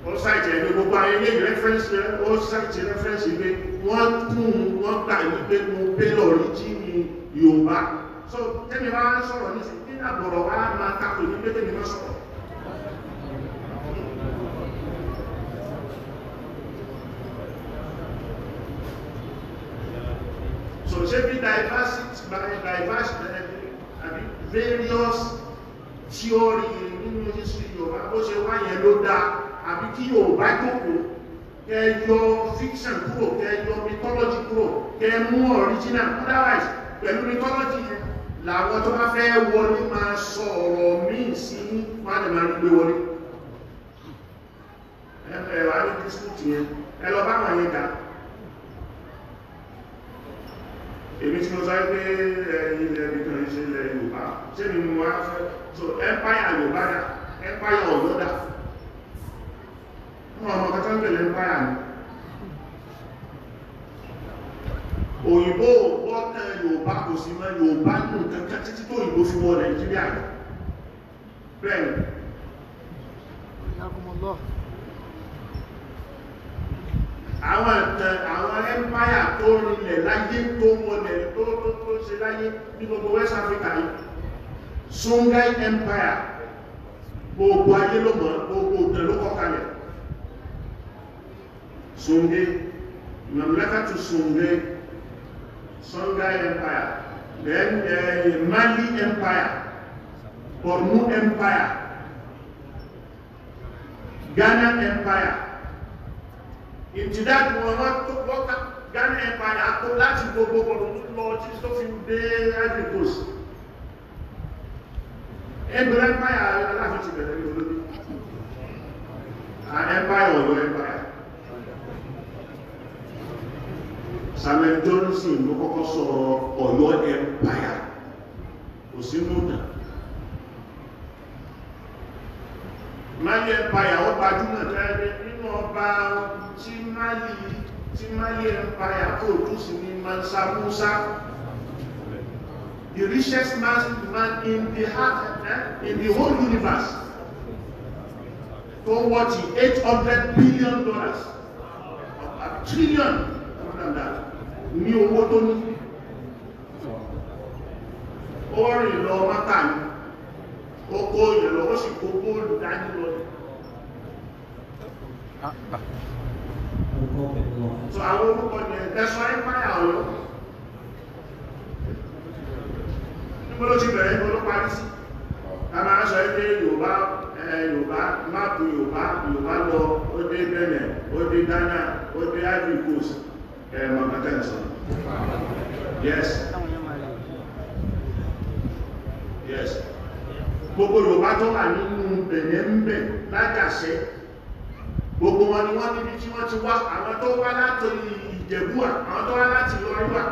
wọ́n ṣàìtì ẹgbẹ́ gbogbo ayé ní rẹ́fẹ́rẹ́nsì rẹ̀ ó ṣàìtì rẹ́fẹ́rẹ́nsì pé wọ́n kún wọ́n gbà yí pé mo pé lọ́rí jí ni Yorùbá so tẹ́mi bá ń sọ̀rọ̀ ní sí nígbà bọ̀rọ̀ wá máa tako ní pé tẹ́mi máa sọ̀rọ̀ so ṣé bí diversity by diversity àbí various theory nínú history Yorùbá bó ṣe wáyé ló dáa àbí kí Yorùbá jókòó kẹ yọ fiction kúrò kẹ yọ mythology kúrò kẹ mú original otherwise pẹ̀lú mythology yẹn làwọn tó bá fẹ́ wọlé máa sọ ọ̀rọ̀ míì sí wọn àti máa gbé wọlé ẹ wà ní dispute yẹn ẹ lọ bá wọn yẹn dà èmi tí mo sáré pé ilẹ̀ nìkan ìṣẹ̀lẹ̀ Yorùbá ṣé mi mú wá fẹ́ so empire Yorùbá dà empire Ọ̀yọ́ dà fún ọmọ kẹta ń pèlè empire ni òyìnbó wọ́tàn Yorùbá kò sí mọ́ Yorùbá nù kankan títí tó òyìnbó fi wọ Nàìjíríà bẹ́ẹ̀ àwọn ẹ̀tẹ̀ empire tó rinlẹ̀ láyé tó mọlẹ̀ tó tó tó ṣe láyé ní gbogbo West Africa yìí Songhai empire gbogbo ayé ló mọ̀ gbogbo òtẹ̀ ló kọ́ kalẹ̀ Songhai, Mamlakatu Songhai, Songhai Empire, then uh, Mali Empire, Bornu Empire, Ghana Empire. that Ìtìdáàtì wọn what Ghana Empire akó láti gbogbo ọdún tó lọ tí tó fi dé Ivory Coast. Ẹgbẹ̀rẹ̀ Empire aláfi ti bẹ̀rẹ̀ lórí. Ah, Empire ọ̀yọ́ Empire. Samuel Johnson ló kọ́kọ́ sọ̀rọ̀ Ọ̀yọ́ empire kò sínú ìdá Mali empire ó gbajúmọ̀ tẹ́lẹ̀ nínú ọba tí Mali tí Mali empire tó tún sí ní Mansa Musa the richest man, in the heart eh, in the whole universe tó wọ́n ti eight hundred billion dollars a trillion more than that ní owó tó ní ó rìn lọ mátà ní ó ìrìnlọ ó sì kó góòlù ah, ah. so àwọn orúkọ ní ẹ̀ẹ́sọ́ ẹ̀páyà ọ̀yọ́ nígbó ló ti bẹ̀rẹ̀ nígbó ló parí sí a máa sọ ẹ́ pé Yorùbá Yorùbá máàpù Yorùbá Yorùbá lọ ó dé Benin ó dé Ghana ó dé Ivory Coast ẹ mọ kẹtẹ yes yes gbogbo yorùbá tó wà nínú bẹ̀yẹ ń bẹ̀ lájàṣẹ gbogbo wọn ni wọ́n níbi tí wọ́n ti wá àwọn tó wá látòrí ìjẹ̀bú àwọn tó wá láti lọ́rí wà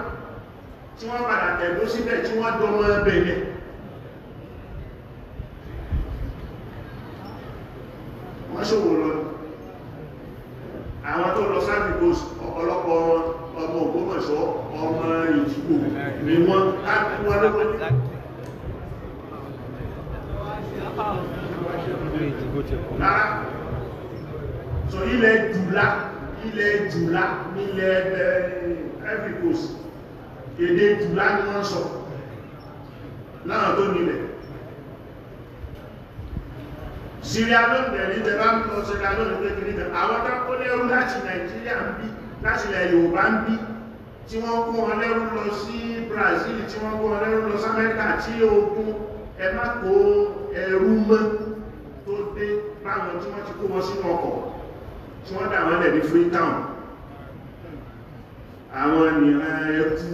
tí wọ́n padà tẹ̀gbó síbẹ̀ tí wọ́n dọmọ bẹ̀yẹ wọ́n ṣòwò lọ́nà àwọn tó lọ sáàbì gòs ọ̀pọ̀lọpọ̀ wọn ọmọ Ògbómọ̀ṣọ́ ọmọ Ìdìbò ni wọ́n láti wọ́n lọ́wọ́ rárá so ilẹ̀ jùlá ilẹ̀ jùlá nílẹ̀ Ivory eh, Coast èdè jùlá ni wọ́n sọ láwọn tó nílẹ̀ síríà lónìí ẹ̀rí tẹ́lá ń lọ síríà lónìí pé kìí tẹ́lá àwọn tákó lẹ́rú láti nàìjíríà ń bí láti ilẹ̀ yorùbá ń bí tí wọ́n kó wọn lẹ́rú lọ sí brazil tí wọ́n kó wọn lẹ́rú lọ sí amẹ́ríkà tí ogun ẹ má kó ẹrú mọ́ tó dé báwọn tí wọ́n ti kó wọn sínú ọkọ̀ tí wọ́n dà wọ́n lẹ̀ ní freetown àwọn ènìyàn ẹkú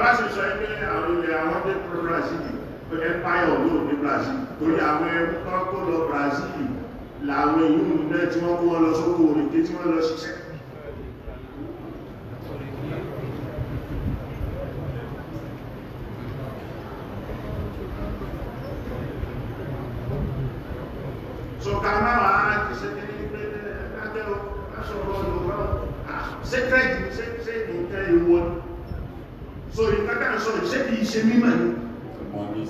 aláṣẹ sọ pé àwọn ilẹ̀ àwọn dé pro Brazil pé empire ló ní Brazil torí àwọn ẹrú kan kó lọ Brazil làwọn ìlú náà tí wọ́n kó wọn lọ sókò òrìké tí wọ́n lọ ṣiṣẹ́ secret, secret, secret, secret, secret, secret, secret, so ìkàtà ń sọ ìṣẹ́ kìí ṣe mímọ̀ ní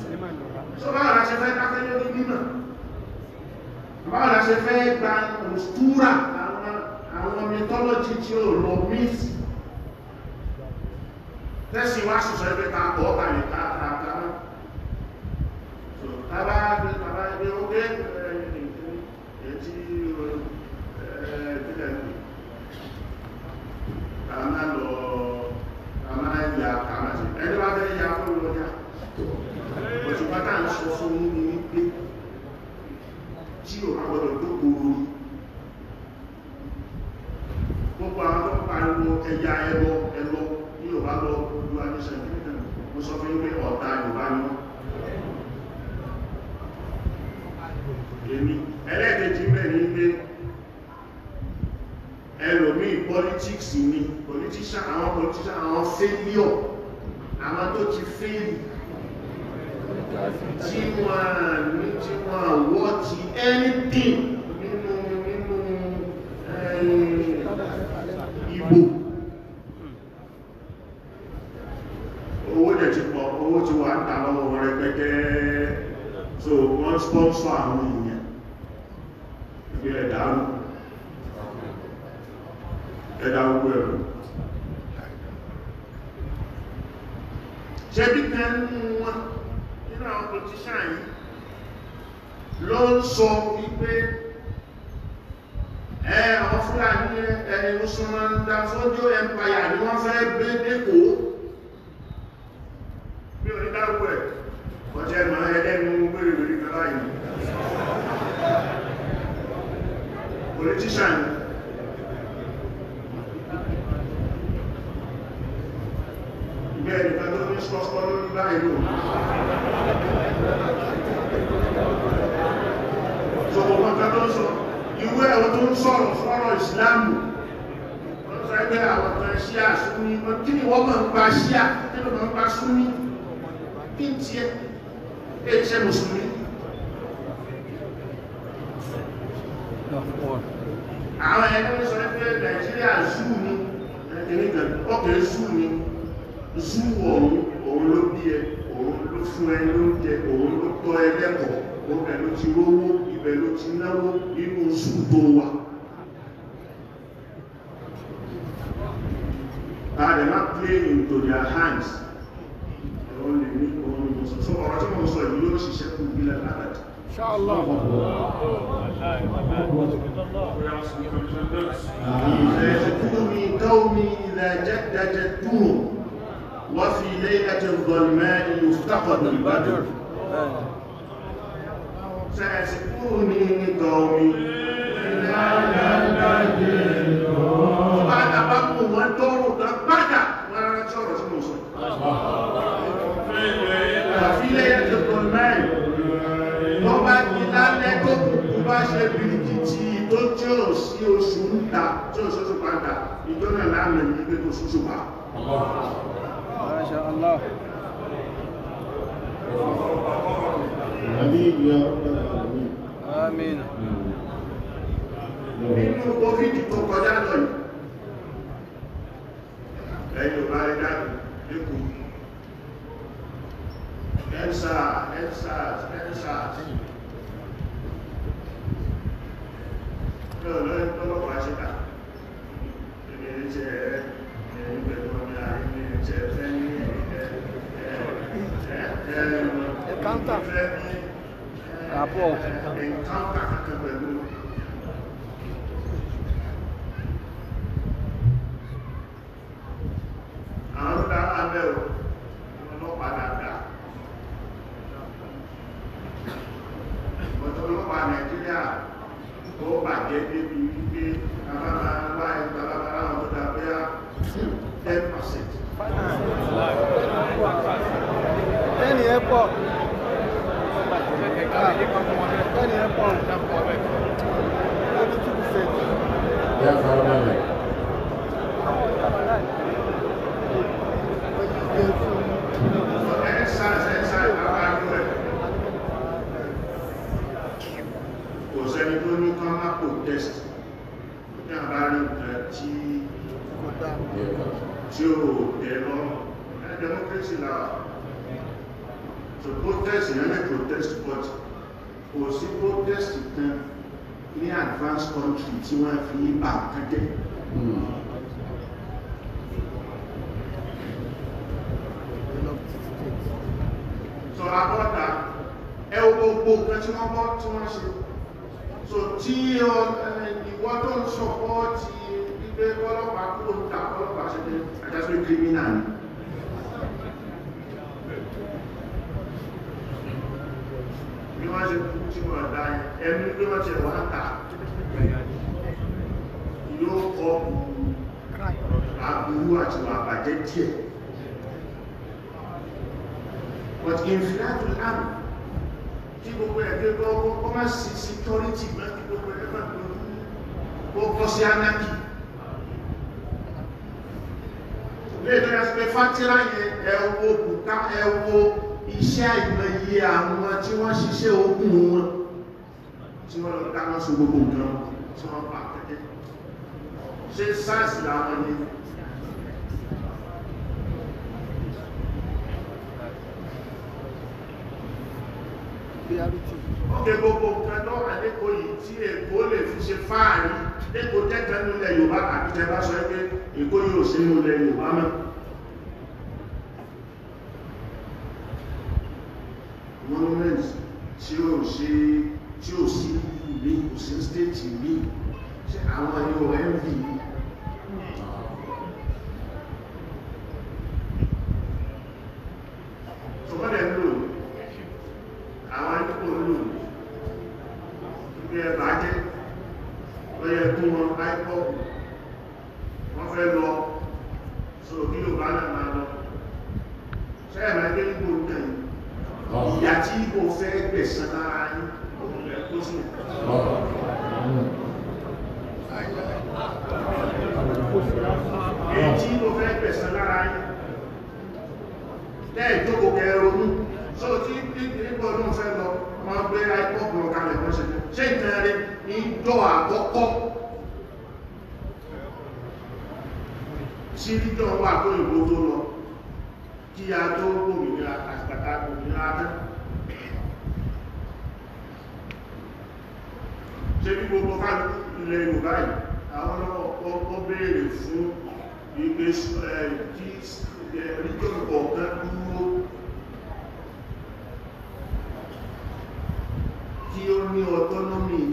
sọ́bàá láṣẹ fẹ́ káfẹ́ lórí mímọ̀ báwọn láṣẹ fẹ́ gba òstúrà àwọn mythology tí ó lọ mísì tẹ́sí wá ṣùsọ ẹgbẹ́ ta ọ̀ọ́bà ní káàkiri àgbà náà ẹja ẹbọ ẹlọ ní yorùbá lọ lu adéṣẹ́ ìpínlẹ̀ mo sọ fún pé ọ̀tá yorùbá ni wọ́n èmi ẹlẹ́ẹ̀kejì mẹ́rin pé ẹlòmíì politics ni politician àwọn politician àwọn failure àwọn tó ti fail tí wọ́n ní tí wọ́n wọ́ ti anything sponsor àwọn èèyàn ẹgbẹ́ ẹ̀dàrú ẹ̀dà gbogbo ẹ̀rù ṣe bí tẹ́nu wọn nínú àwọn politician yìí ló ń sọ wípé ẹ àwọn Fúlàní ẹni mùsùlùmí ń dá ni wọ́n fẹ́ gbé dẹ́kọ̀ọ́ bí onídàgbò ẹ̀ kọjá ẹ̀mọ́ ẹlẹ́nu lying. Politician. Bẹ́ẹ̀ ni Bẹ́ẹ̀ ló ní sọ́sọ́ ló ń dá ìlú. Sọ̀rọ̀ kọ̀ọ̀kan tó ń sọ, ìwé ẹ̀wọ̀n tó ń sọ̀rọ̀ fọ́rọ̀ ìsìláàmù. Wọ́n sọ ẹgbẹ́ àwọn kan ṣíà súnmí, kí ni wọ́n máa ń pa ṣíà, kí ni wọ́n máa ń pa súnmí, kí n tiẹ̀, ẹ̀ ṣe àwọn ẹgbẹ́ sọ pé nàìjíríà zúù ni ẹnìkan ọkùnrin zúù ni zúù ọ̀hún òun ló bí ẹ òun ló fún ẹ lóúnjẹ òun ló tọ́ ẹ lẹ́kọ̀ọ́ ibẹ̀ ló ti rówó ibẹ̀ ló ti náwó nínú zúù tó wà they are not playing into their hands. They only need only So, or I think also, you know, she said, will be like that. ان شاء الله فيجدوني قومي اذا جد جدتهم وفي ليله الظلماء يفتقد البدر سيجدوني قومي اذا بعد بقوا والدور بعد وانا شرس في ليله jẹ́ bíríkìtì tó jẹ́ òsí oṣù ń dà tí oṣù oṣù padà ìjọ láàmì ní pé oṣù oṣù wà. Hmm. Nínú COVID tó kọjá lọ yìí, ẹ̀yìn ò bá rí dájú lẹ́kùn. Ẹ́nsà, ẹ́nsà, ẹ́nsà, ẹ́nsà. 그거를 또 마시다. 이게 이제 Canta. Ah, pô. Àwọn ọ̀dà abẹ́ o, ọlọ́pàá dàgbà. Ọ̀dọ́ ọlọ́pàá Nàìjíríà ó bàjẹ́ débi wípé abára wá ẹgbà lábára àwọn ọ̀dà bẹ́yà 10%. Tẹ́ni ẹ pọ̀. Tẹ́ni ẹ pọ̀. Tẹ́ni percent. Ẹ ṣáà ṣe ṣáà àwọn àgbẹ̀. kò sẹ́ni tó ní kán má kò test ní àbárí nǹkan tí tí ó ẹ̀rọ democracy láwà so protest yẹn ní protest but kò sí protest kan ní advanced country tí wọ́n fi bà kẹ́kẹ́ so abọ́ta ẹ gbogbo kan tí wọ́n bọ́ tí wọ́n ṣe so tí uh, ìwọ́n tó ń sọpọ́ ti gbígbé kọ́lọ́pàá kúrò ń ta kọ́lọ́pàá ṣe pé àjásí kírímínà ni bí wọ́n ṣe kú tí wọ́n dá ẹni pé wọ́n ti wọ́n ta yóò kọ́ aburú àti wà díẹ̀ but in flat land kí gbogbo ẹ̀dẹ́ lọ́wọ́ kọ́ má sí security má kí gbogbo ẹ̀dẹ́ má gbogbo gbogbo sí anaki lè tó yà sí pé fátírà yẹn ẹwọ bùká ẹwọ iṣẹ́ ìmọ̀ye àwọn tí wọ́n ṣiṣẹ́ ogun wọn tí wọ́n lọ dáná sí gbogbo nǹkan tí wọ́n pa kẹ́kẹ́ ṣe sáàsì làwọn yẹn superiority. Oge gbogbo nǹkan ló wà lẹ́kọ̀ọ́ yìí tí Èkó lè fi ṣe fáàrí lẹ́kọ̀ọ́ tẹ́tẹ́ nílẹ̀ Yorùbá àbí tẹ́ sọ pé Èkó yóò ṣe nílẹ̀ Yorùbá mọ́. Monument tí ó ṣe tí ó sí ìlú kò sí stéètì ìlú ṣe àwọn ẹ̀yọ́ mv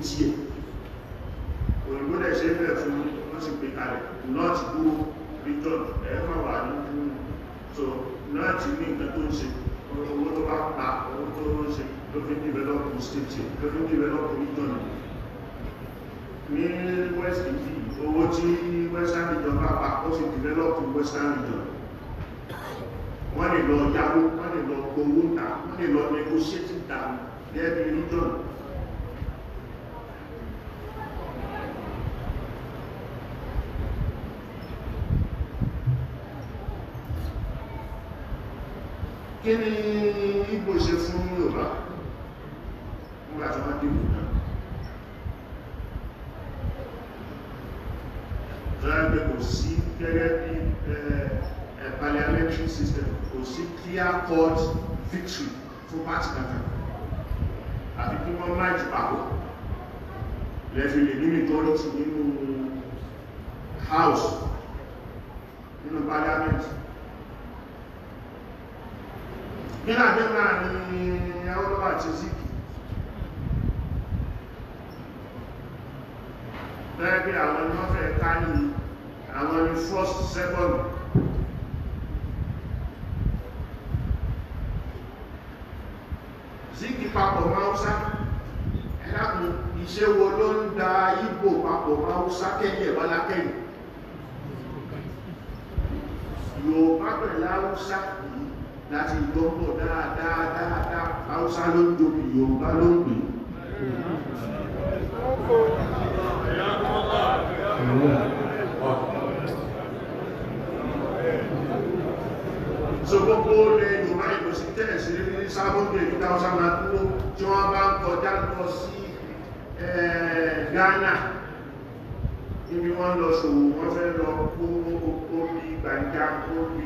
tí ẹ̀ òyìnbó dẹ̀ ṣe fẹ́ fún wọ́n sì pé kalẹ̀ north go region ẹ̀fà wà ní fún so north ní nǹkan tó ń ṣe owó tó bá pa owó tó ń ṣe ló fi develop state ló fi develop region ní west yìí owó tí western region bá pa ó sì develop western region wọ́n lè lọ yáwó wọ́n lè lọ gbowó ta wọ́n lè lọ negotiate ta lẹ́ẹ̀bí region kí ni Ìgbò ṣe fún Yorùbá nígbà tí wọ́n dìbò náà lẹ́gbẹ̀ẹ́ kò sí gẹ́gẹ́ bí eh, eh, parliamentary system kò sí clear cut victory fún party kankan àfi kí wọ́n máa jù pàpọ̀ lẹ́fi lè ní majority nínú house nínú parliament nínú àdéhùn náà ni Awólọ́wọ̀ àti Ezeki bẹ́ẹ̀ bí àwọn ni wọ́n fẹ́ ká ní àwọn ni first second Ezeki papọ̀ máúsá ẹ̀dàkùn iṣẹ́ wo ló ń da Ìgbò papọ̀ máúsá kẹ́yìn ẹ̀bá lákẹ́yìn Yorùbá pẹ̀lú Haúsá láti gbọ́pọ̀ dáadáa dáadáa haúsá ló ń jòkì yorùbá ló ń pè so gbogbo olè yorùbá ìbò sí tẹ́ẹ̀sì ní sábọ́gbè 2002 tí wọ́n bá ń kọjá lọ sí Ghana ibi wọ́n lọ ṣòwò wọ́n fẹ́ lọ kó omi gbàǹjà omi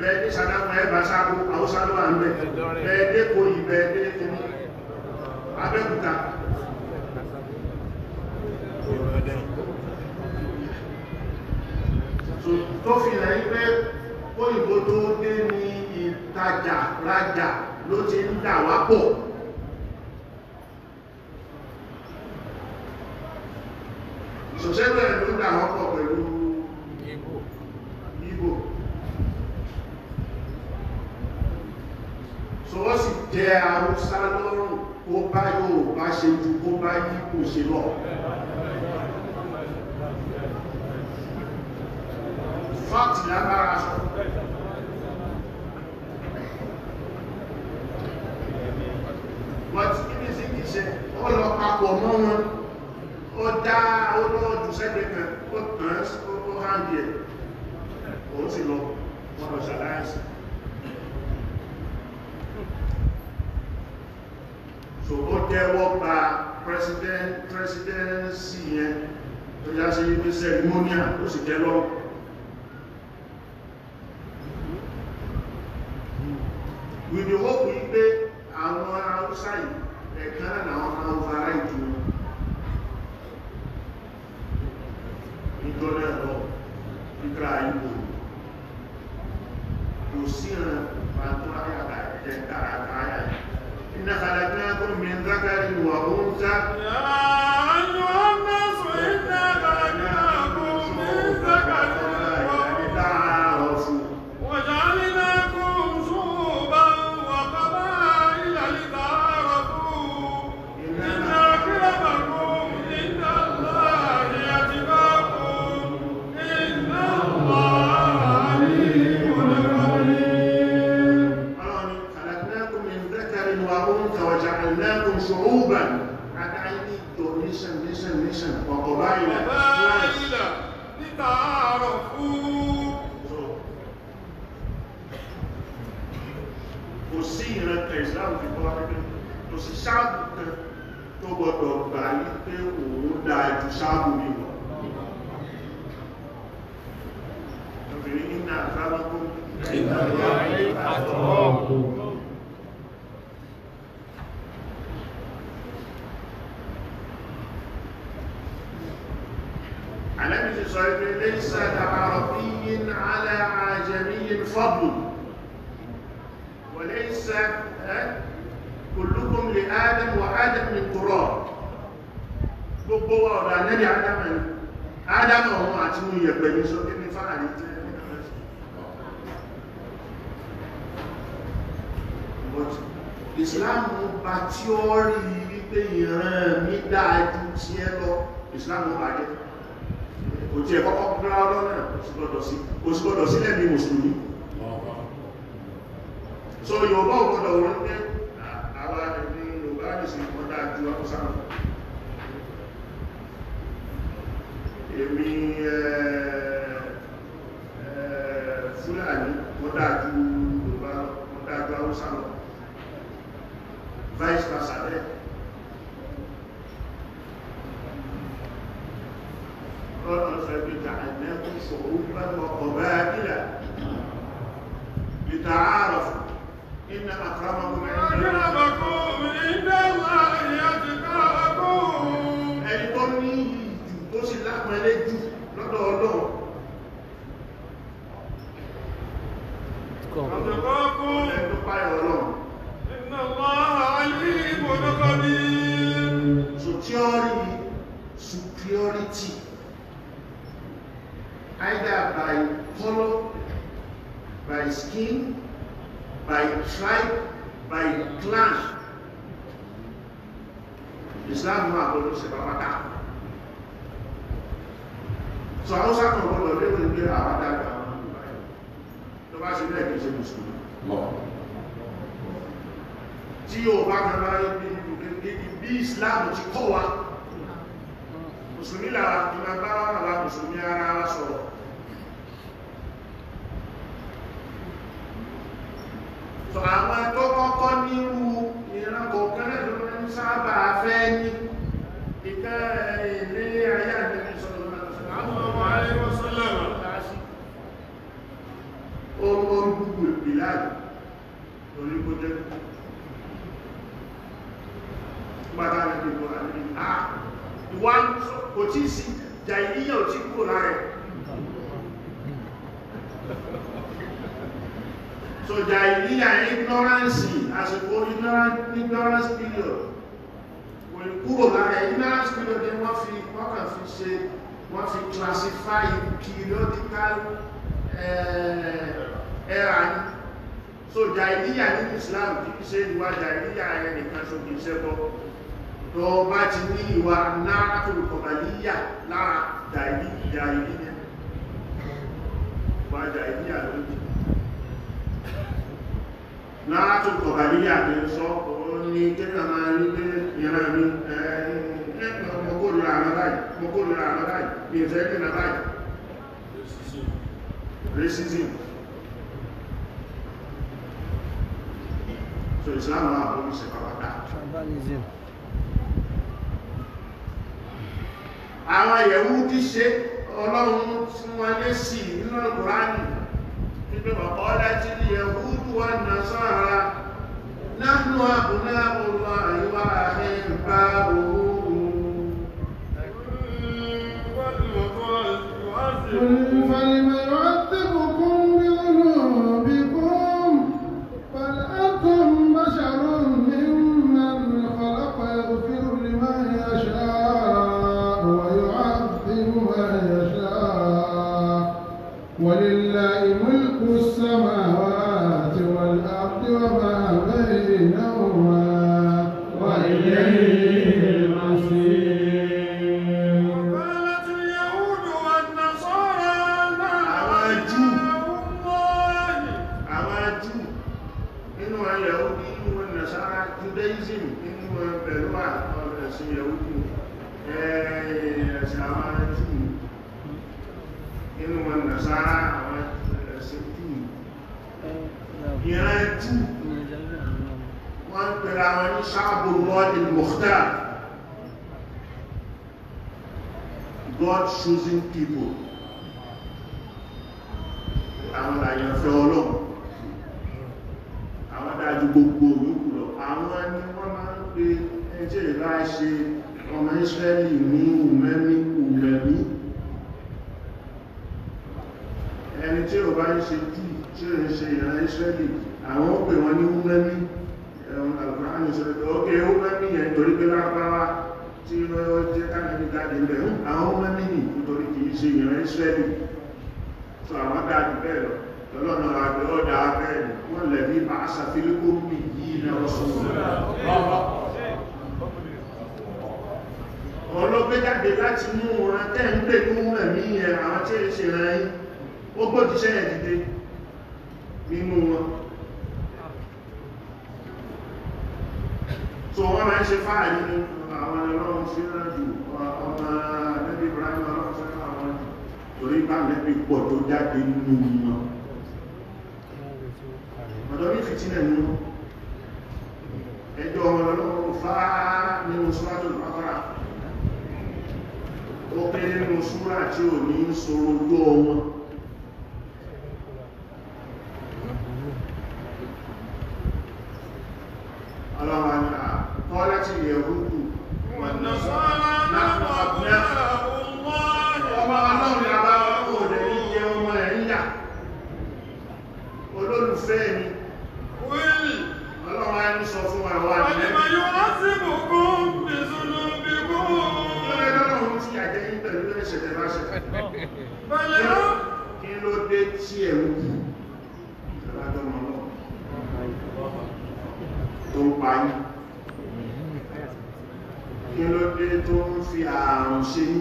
bẹ́ẹ̀ ní sàdámù ẹ̀ bá sáàbù haúsá ló wà ń bẹ̀ bẹ́ẹ̀ dẹ́kọ̀ yìí bẹ́ẹ̀ dẹ́kọ̀ ní abẹ́kúta tó fi lẹ́yìn pé òyìnbó tó dé ní ìtajà rajà ló ti ń dà wá pọ̀ ìṣòṣẹ́lẹ̀ ló dà wá pọ̀ so wọ́n sì tẹ Haúsá lọ́rùn ó bá Yorùbá ṣe ju ó bá Yíbò ṣe lọ fáàtì lágbára sọ wọ́n ti kí ní sí kìí ṣe ó lọ papọ̀ mọ́ wọn ó dá olóòdù sẹ́gbẹ̀ẹ́ kan ó kàn án ó hàn díẹ̀ òun sì lọ wọ́n lọ ṣàlàyé sí i so ó tẹ́wọ́ gba presidency yẹn tó já sí wípé ceremonial ó sì jẹ́ lọ wìdí hope wípé àwọn haúsá yìí ẹ̀kan náà àwọn haúsára ìjú ìjọ náà lọ ìgbà ìgbò kò sí ìrìn àjò ayàtà ẹ̀jẹ̀ dáadáa إن خلقناكم من ذكر وأنثى تشعب منه إن أكرمكم عند الله أتقاكم علامة الزهير ليس àti ní ìyẹ̀pẹ̀ ní sókè ní fáàrí jẹ́ Islam bá tí ó rí wípé ìran mi dáadú tí ẹ lọ Islam bá jẹ́ kò tí ẹ kọ́kọ́ gbá ọlọ́nà òsìgbọ́dọ̀ sílẹ̀ ní mùsùlùmí so Yorùbá ògbọ́dọ̀ ah, wọ́n pé àwọn ẹni Yorùbá nìsìn wọ́n dáadú akọ́sáàmù èmi ó dájú Yorùbá lọ ó dájú Haúsá lọ vice versa bẹ́ẹ̀. islam kìí ṣe ìwà jàìríyà ẹ̀ nìkan ṣogbì ṣẹ́bọ́ tó bá ti ní ìwà náàtùrùkọ̀bàlíyà lára jàìríyà wà jàìríyà lórí náàtùrùkọ̀bàlíyà ní sọ òun ni kéka máa rí pé ìran mi mọ́kòrò àmàláì mi ìfẹ́ so islam náà àbúrò ṣe pàpàtà àwọn ìyẹ̀wú tí ṣe ọlọ́run tí wọ́n lé sí nínú ìkùránì nígbẹ́ bàbá ọlá tí ní ìyẹ̀wú tó wà ní sára nánú àbúná ọlọ́ àyíwá ẹ̀bá òun òjíṣẹ́ yẹn dìde nínú wọn so wọ́n máa ń ṣe fáà nínú àwọn ọlọ́run sí rájù ọmọ nẹ́bí ibrahim ọlọ́run sí àwọn torí bá nẹ́bí pọ̀ tó jáde nínú wọn ọ̀dọ́ ní fìtínà nínú ẹjọ́ ọmọ ọlọ́run fáà nínú sọ́rọ̀ tó ó pé nínú súrà tí ò ní ń sọ ojú fi ààrùn ṣe ní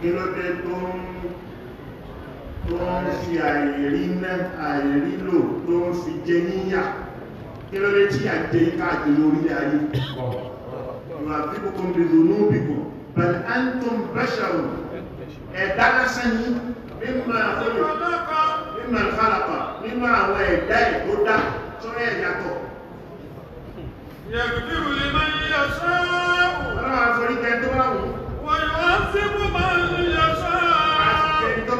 kí ló dé tó ń fi àìrí lò tó ń fi jẹ níyà kí ló dé tí à jẹ káàkiri orílẹ̀ ayé ìwà bí kòkòrò bèèrè olóòbìkò bẹ̀rẹ̀ antum bẹ́ṣẹ̀rù ẹ̀dá lásán yìí mímọ̀ àfẹ́lẹ̀ mímọ̀ àfẹ́lẹ̀ nínú àwọn ẹ̀dá ìgbódá tó rẹ̀ yàtọ̀ yẹ̀kùdìrù lè máa ń yẹ ṣáàwù. ọlọ́run àforí tẹ tó bá wù. wọ́n yóò sí máa ń yẹ ṣáàwù. àṣìṣe tó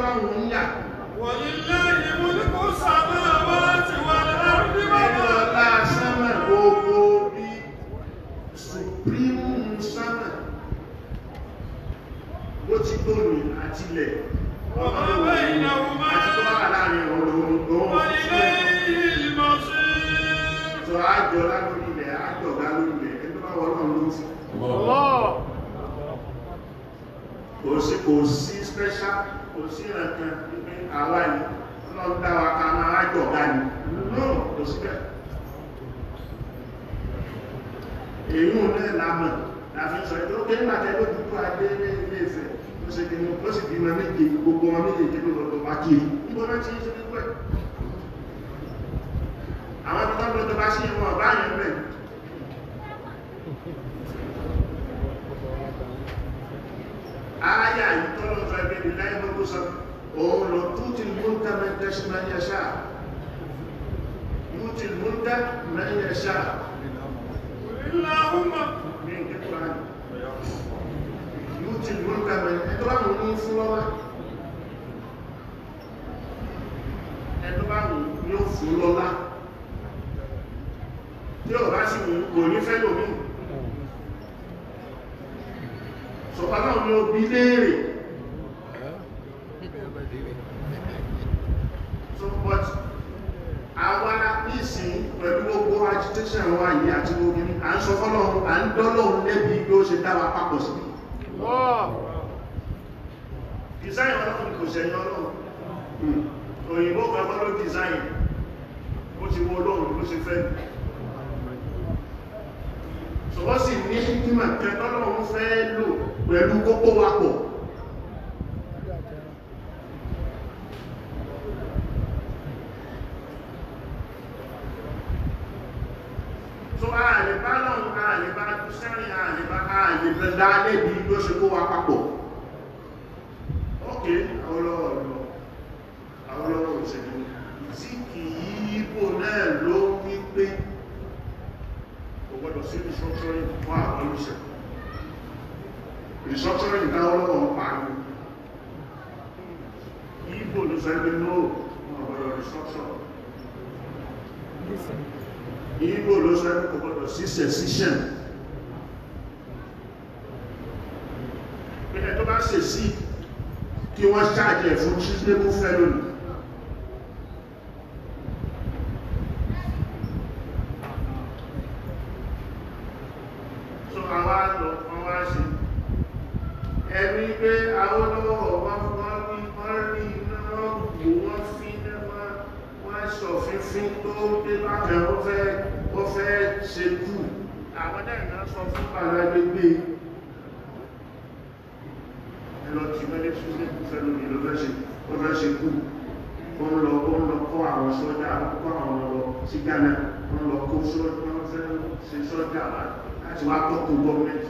supreme sánmà bó ti gbòòrò àtìlẹ̀. ọmọ bẹ́ẹ̀ ìyàwó máa. sí. sọ àjọ lágbóyè dọ̀gá lórí rẹ̀ ẹni bá wọ́n náà ló ti. kò sí kò sí special kò sí ẹ̀kan pípẹ́ àwa yìí ọlọ́run dá wa ká máa dọ̀gá ni náà kò sí bẹ́ẹ̀. èyí ò náà lámọ̀ láti sọ ètò pé nígbà tẹ́ ló dúdú adé ní ilé ìfẹ́ ó ṣe kí ni ó sì bímọ méje gbogbo wọn méje ń ṣe tó bá lọ́dọ̀ bá sí ìwọ̀n ọ̀bá ááyà yìí tọ́lọ̀ fẹ́ gbẹ̀dì láì mọ́kú sọ òun lọ tútì múntà mẹ́tẹ́sí máa ń yẹṣà tútì múntà máa ń yẹṣà láhùnmá ní ìdíkùn àná tútì múntà mẹ́tẹ́sí ẹ̀tọ́ bá wọn ń fún lọ́wọ́ ẹ̀tọ́ bá wọn yóò fún lọ́wọ́ tí ò bá sì wù kò ní fẹ́ lòmíì sọ̀tà náà ni ó so but àwa nísìn pẹ̀lú gbogbo agitation wa yìí àti gbogbo à ń sọ fọ́lọ́run à ń dọ́lọ́run lẹ́bi bí ó ṣe dára papọ̀ sí design ọlọ́run kò ṣẹ̀yìn ọlọ́run òyìnbó kan bá design ó ti wo ọlọ́run ló ṣe wọ́n sì ní ìgbìmọ̀ tẹ́tọ́lọ́run fẹ́ lò pẹ̀lú kókó wa pọ̀ tó ààlè bá lọ́run ààlè bá sẹ́rin ààlè bá ààlè bẹ̀dá lẹ́bí ló ṣe kó wa papọ̀ ókè àwọn ọlọ́wọ́ ọ̀rọ̀ àwọn ọlọ́wọ́ òṣèlú tí kìí sí restructuring fún àwọn ìṣẹ̀ restructuring dá ọlọ́wọ́ pàánù Ibo ló fẹ́ bí no ọ̀gbọ̀dọ̀ restructuring Ibo ló fẹ́ ọ̀gbọ̀dọ̀ sí secession pẹ̀lẹ̀ tó bá sẹ̀ sí kí wọ́n ṣáàjẹ̀ fún ṣíṣẹ́ mú fẹ́ lónìí náà náà sọ fún bàbá gbégbé ẹlọ tí wọ́n lè ṣúṣe fẹ́lú ní ló fẹ́ ṣe kú ó ń lọ ó ń lọ kọ́ àwọn sọ́jà kọ́ àwọn ọ̀rọ̀ sí Ghana ó ń lọ kó sọ́jà láti wá tọ́kù gọ́ọ̀mẹ́ntì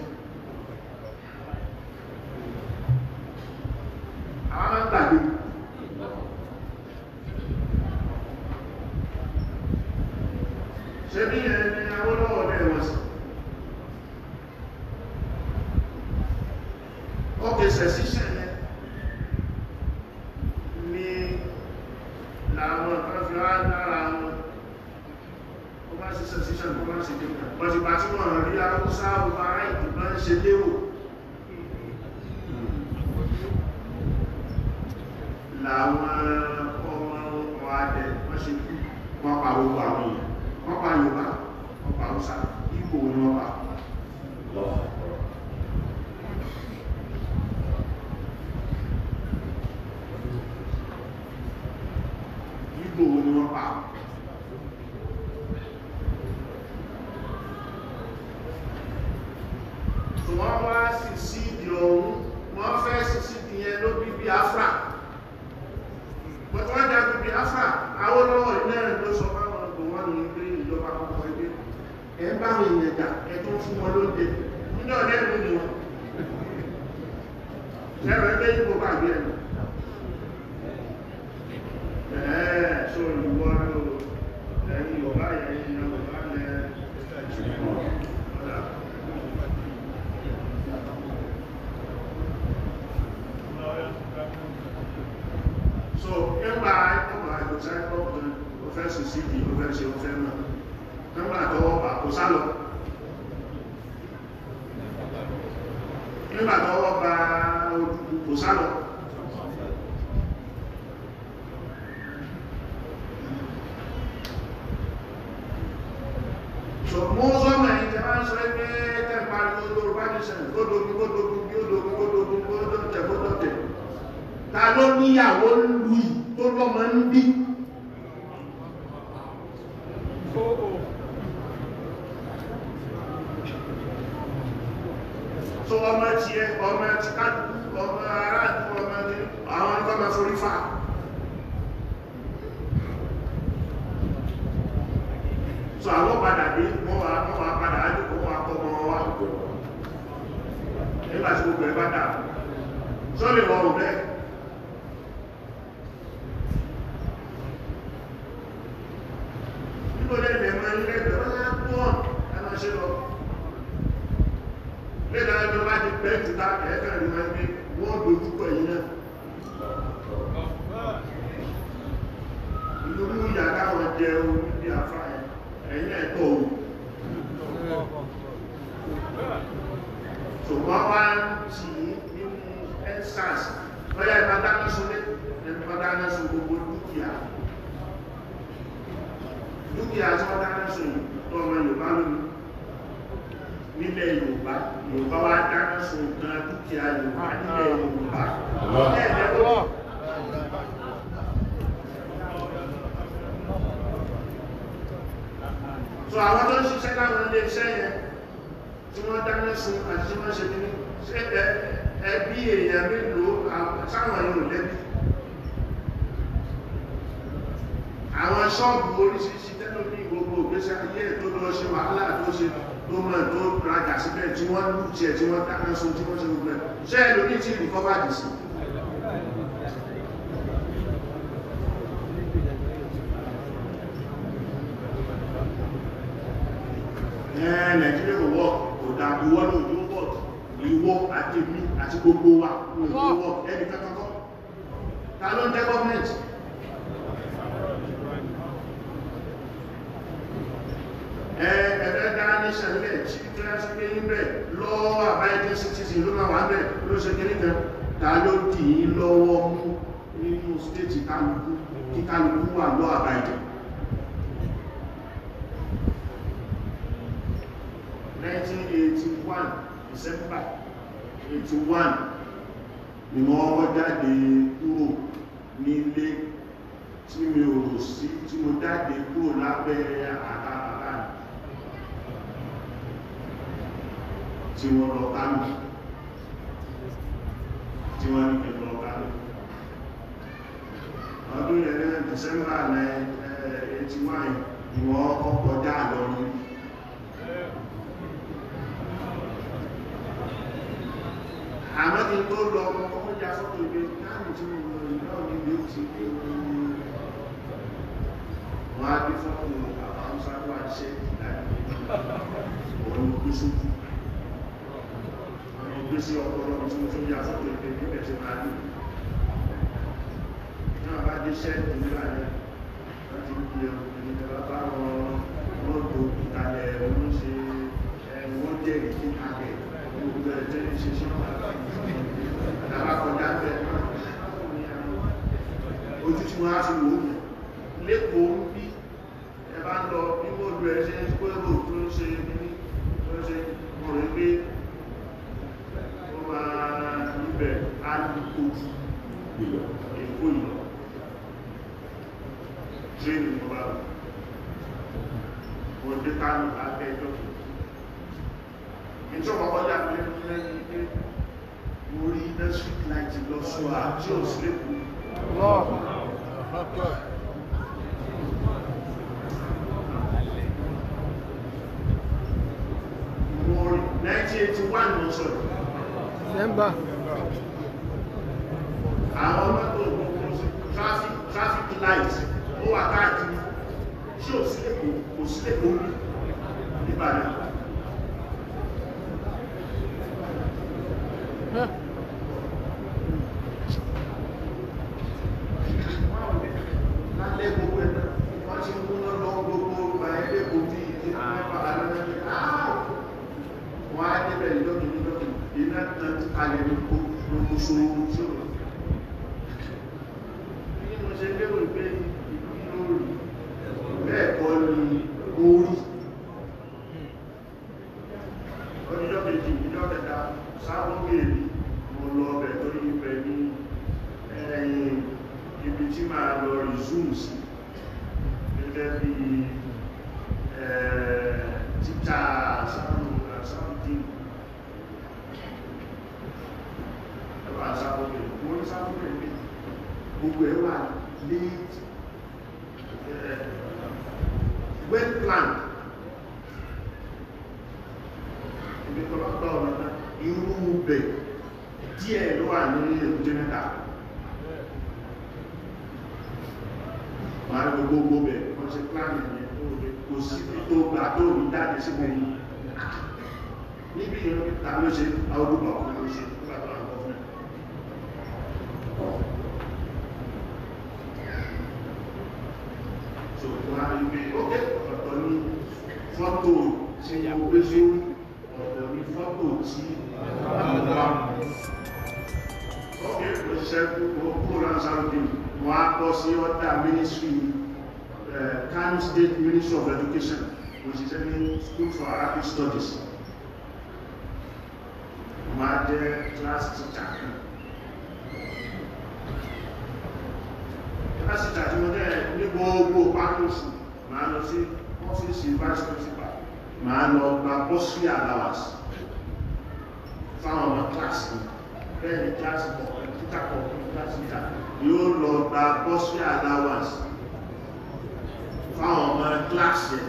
pariwo yorùbá nation gbódògùn gbódògùn bí odògùn gbódògùn gbódòtẹ gbódòtẹ ta ló níyàwó lùì tó lọ́mọ ń bí. tó ọmọ tiẹ̀ ọmọ tí ká ọmọ ara. jẹ tí wọ́n dáná sun tí wọ́n ṣe gbogbo ẹ̀ ṣẹ́ ẹ̀ lóní tí ìlú kọ́bà dì sí Nàìjíríà kò wọ́ kò dá ìwọ náà yóò wọ́ ìwọ àti mi àti gbogbo wa yóò wọ́ ẹnì kankan kọ́ ta ló ń jẹ́ gọ́ọ̀mẹ̀ntì nation níbẹ̀ tí kíláà sí pé níbẹ̀ lọ́wọ́ abiding citizen ló máa wà bẹ̀ ló ṣe kéré kan ta dì í lọ́wọ́ mú nínú stéètì kálukú kí kálukú wà lọ́ abiding nineteen eighty december eighty one ni wọ́n wọ́n jáde kúrò nílé tí mi ò rò sí tí mo jáde kúrò lábẹ́ àtàkàtà tí wọ́n lọ báńkì tí wọ́n ní kẹfọ́ lọ báńkì ọdún yẹn ní dẹ̀sẹ́mbà lẹ ẹtì wáyé ìwọ ọkọ̀ dá lọ́rí àmọ́ ti tó lọ ọmọ ìjà sọ́tò ìgbé táàmù tí mo lọ ìlọ́ ní ilé ó ti gbé wọn á bí fọ́ọ̀mù àwọn sáwọn àṣẹ ìdájọ́ òun kú sí ìgbésí ọpọlọ tí mo tún yà sọ́tọ̀ ìgbé bí ẹ̀ṣẹ̀ máa ní náà bá dé ṣẹ́ ìdílá rẹ̀ láti ibi ẹ̀rùn ìjọba bá wọn wọ́n gbò ìtàlẹ̀ wọ́n ṣe wọ́n jẹ́ ìdí kalẹ̀ gbogbo ẹ̀jẹ̀ ṣe ṣe àbákọjá bẹ̀ ojú tí wọ́n á ti wò ó lẹ́kọ̀ọ́ bí ẹ bá ń ogójì ìlọ èkó ìlọ tírínì mo bá lọ òde táàmù lábẹ́ ẹjọ́ kejì ìjọba ọjà pé lẹ́yìn pé mo rí district light lọ sọ àti òsèlú lọ́ọ̀ mo rí 1981 lọ sọ̀rọ̀. December àwọn mọ́tò ìgbókùn traffic light ó wà káàkiri ṣé ò sílẹ̀ kò sílẹ̀ kò rí nígbà ní school for Arabic studies máa class teacher class teacher tí mo dẹ́ ní gbogbo pákóṣù máa lọ sí ọ́fíìsì vice principal máa lọ gba bursary allowance fáwọn ọmọ class mi bẹ́ẹ̀ ni class kọ̀ọ̀kan títà kọ̀ọ̀kan class teacher yóò lọ gba bursary allowance fáwọn ọmọ class yẹn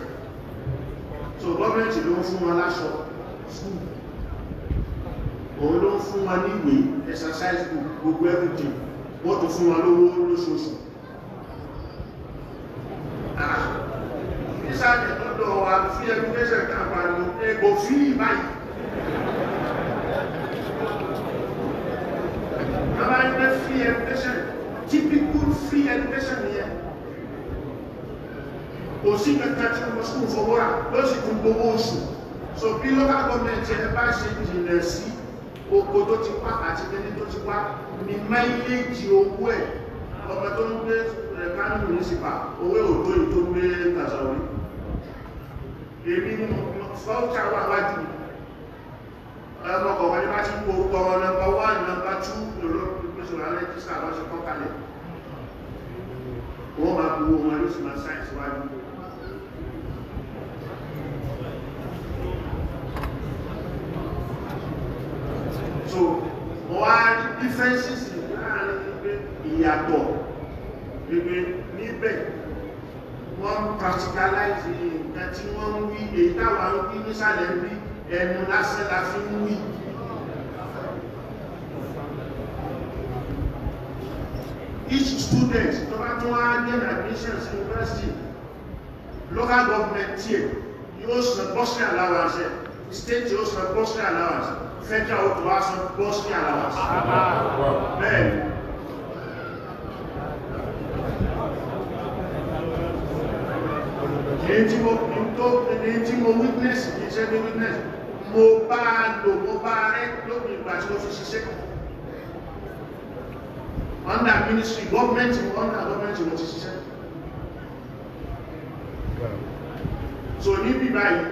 so gọ́ọ̀mẹ́ntì ló ń fún wọn láṣọ òun ló ń fún wọn níwèé exercise book gbogbo everything wọ́n tó fún wọn lówó lóṣooṣù ah, ìsáàdì lọ́dọ̀ wa fí ẹgbẹ́sẹ̀ kan pàdé ẹgbò fí báyìí bàbá ẹgbẹ́ free education, typical free education. ni kò sí kẹta tí wọ́n sún fọwọ́ rà ló sì tún gbowó oṣù so bí local government ẹ bá ṣe jìnà sí oko tó ti wá àti ẹni tó ti wá ní máìlèjì owó ẹ̀ ọmọ tó ń gbé kánú municipal owó òjò yìí tó gbé tàṣàwí èmi fọ́ọ̀tà wà wájú ọmọ kọ̀ọ̀kan ní bá ti kó orúkọ wọn nọ́mbà wá nọ́mbà tú lọ́rọ́ ìpèsè alẹ́ tí sàrọ́ ṣe kọ́kalẹ̀ wọ́n máa gbowó wọn ló sì máa sáyẹ̀sì wájú so wọ́n wá rí differences láàrin wípé ìyàtọ̀ wípé níbẹ̀ wọ́n practicalize nǹkan tí wọ́n ń wí èyí táwa ń wí nísàlẹ̀ ń wí ẹnu lásán la fi ń wí each student tó bá tún wá get admission sí university local government tiẹ̀ yóò san bursary allowance state yóò san bursary allowance central hope wá san bọ́ọ̀sì àlàwà bẹ́ẹ̀ èyí tí mo tó èyí tí mo witness ní iṣẹ́ tó witness mo bá lò mo bá rẹ̀ lóbi ìgbà tí ó fi ṣiṣẹ́ under ministry government under government mo ti ṣiṣẹ́ so níbi báyìí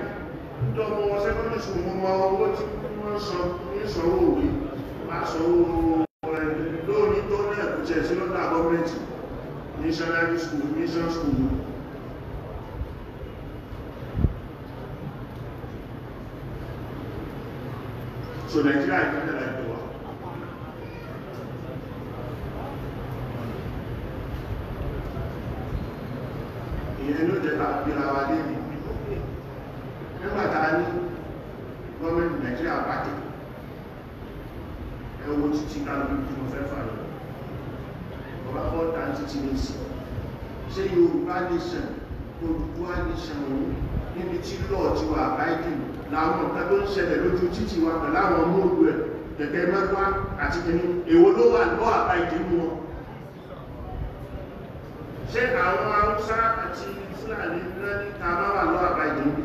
nítorí ọmọ wọn sẹ́kọ́ndì sùn mú wọn owó tí wọ́n san ní sọ̀rọ̀ òwe máa sọ̀rọ̀ lóòní tó ní ẹ̀kùnjẹ́ sí lọ́dà gọ́ọ̀mẹ́ntì missionary school mission school so Nigeria ìpínlẹ̀ ìpínlẹ̀ ìyẹn ló jẹ́ bá gbéra wa débi nígbà tá a ní gọ́ọ̀mẹ̀ntì nàìjíríà pàtẹ́ ẹ wo títí kálukú tí mo fẹ́ fà lọ ọba fọ́ ta títí ní sí ṣé yorùbá nation olùkúwá nation òun níbi tí lọ́ọ̀ ti wà báyìí làwọn nǹkan tó ń ṣẹlẹ̀ lójú títì wa pẹ̀lú àwọn ọmọ òdu ẹ̀ kẹ̀kẹ́ mẹ́wàá àti kìíní èwo ló wà lọ́ọ̀ àbáyìí mú wọn ṣé àwọn haúsá àti fúlàní náà ta bá wà lọ́ọ̀ àbáyìí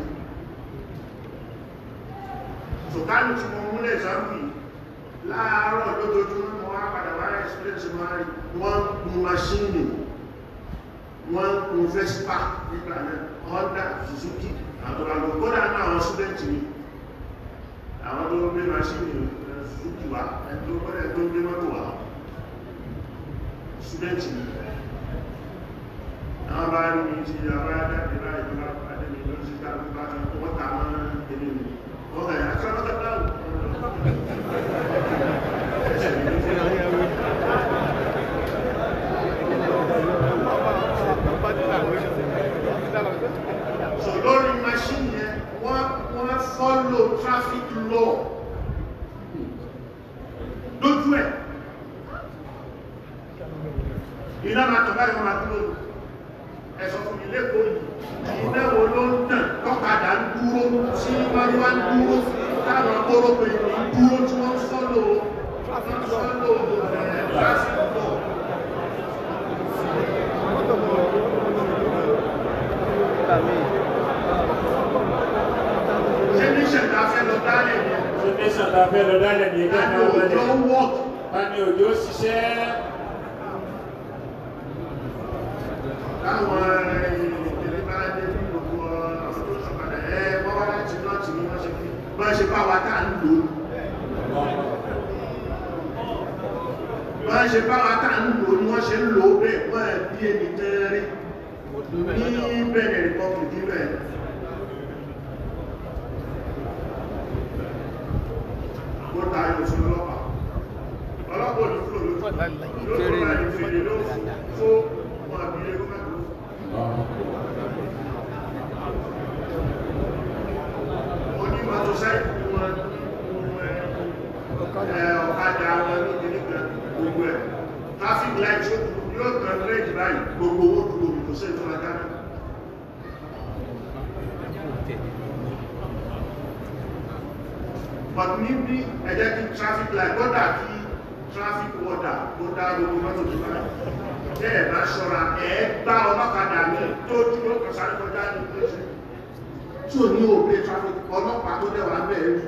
tòkálù tí mo múlẹ̀ sáàmì láàárọ̀ lójoojúmọ́ mo wá padà wá experience máa rí wọ́n gun maṣíìnì wọ́n gun vespa nígbà náà honda suzuki àtọ̀làgbò kódà náà àwọn student mi àwọn tó gbé maṣíìnì eh, suzuki wá ẹni tó gbé mọ́tò wá student mi àwọn bá rí ti àwọn adá ìlà lórí machine yẹn wọ́n follow traffic law lójú ẹ̀ iná tọ̀ báyìí tọ̀. agbóró pé dúró tí wọ́n sọ́lò sọ́lò lásìkò. ṣé ní ṣẹ̀dá fẹ́ lọ dálẹ̀ ni? ṣé ní ṣẹ̀dá fẹ́ lọ dálẹ̀ ni? bá ní òjò wọ̀. bá ní òjò ṣiṣẹ́. lò ó bẹ́ẹ̀ wọ́n rẹ̀ bí ẹni tẹ́rẹ́ rí ní bẹ̀rẹ̀ republic níbẹ̀ kó tayọ̀ sí lọ mọ́tò tó bá tẹ́ ẹ̀ bá ṣọ́ra ẹ̀ bá ọlọ́kadà ní tó dúró kọsáré kọjá ní pẹ́sẹ̀ tí ò ní òbí traffic ọlọ́pàá tó dẹ̀wà bẹ́ẹ̀ rí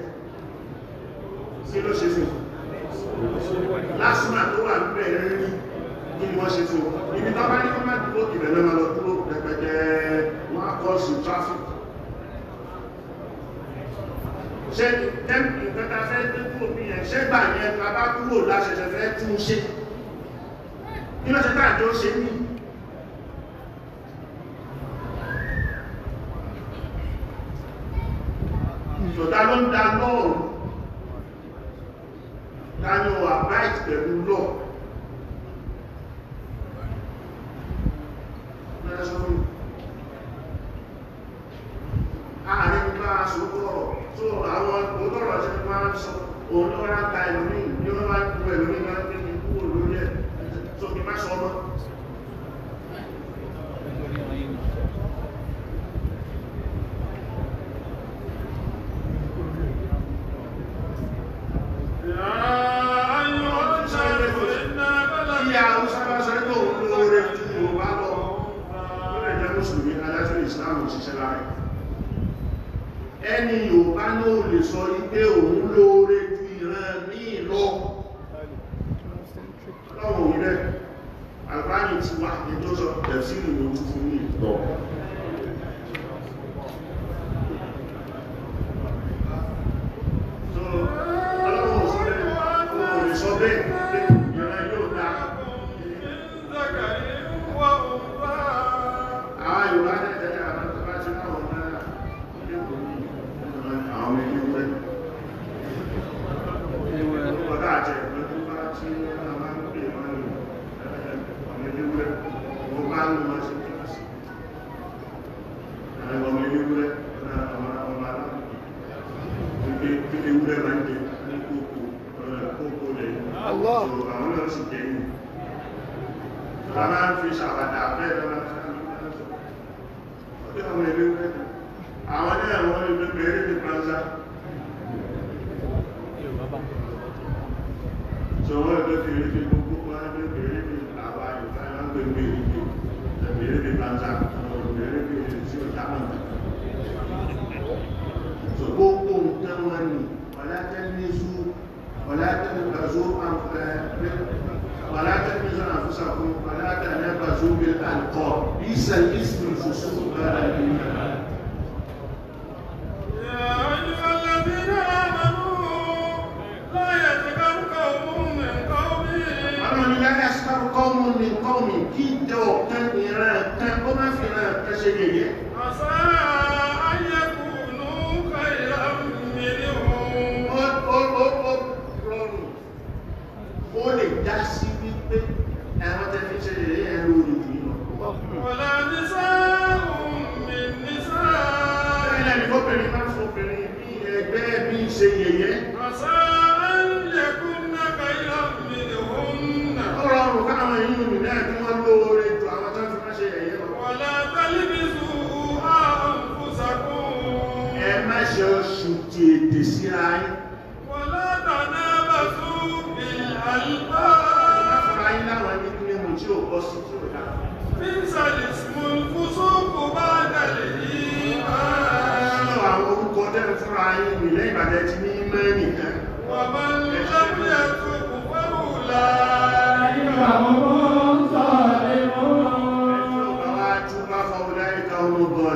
sí ló ṣe fún lásìmà tó wà níbẹ̀ rí kí ni wọ́n ṣe fún ibi tó bá ní kọ́ máa dúró ìbẹ̀ náà lọ dúró pẹpẹtẹ wọn á kọ́ sí traffic ṣe tẹ́mpì nǹkan ta fẹ́ dé kúrò bí yẹn ṣẹ́gbà yẹn ta bá kúrò láṣẹṣẹ fẹ́ tún ṣe nínú ṣe táà jọ ṣe ní ìṣọ̀dá ló ń da lọ́ọ̀rù láyọ̀ àbáìt pẹ̀lú lọ́ ààrin bá aṣọ tọ́rọ̀ tó àwọn òtọ́rọ̀ ṣe máa ń sọ òun tó ta ìlú ní ìlú máa ń professor e eu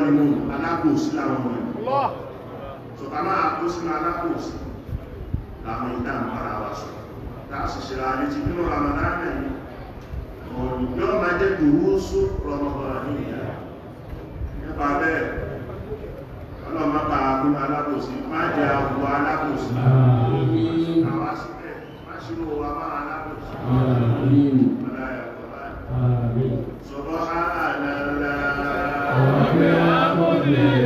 ìmú alákòósí láwọn ọmọ ẹ̀ sọ̀tà máa kó sínú alákòósí láwọn ìdá àpárá wa sọ láàṣìṣẹ́ ra létí nínú Ramadan yìí ọ̀rùn yóò máa jẹ́ gbòòrò só rọmọbọ̀rọ̀ ní ìyá nípa bẹ́ẹ̀ ọlọ́mọ bá agbóhùn alákòósí má jẹ́ àwọ̀ alákòósí àwọn àṣìṣẹ́ má ṣírò wa má alákòósí Subhana Amém.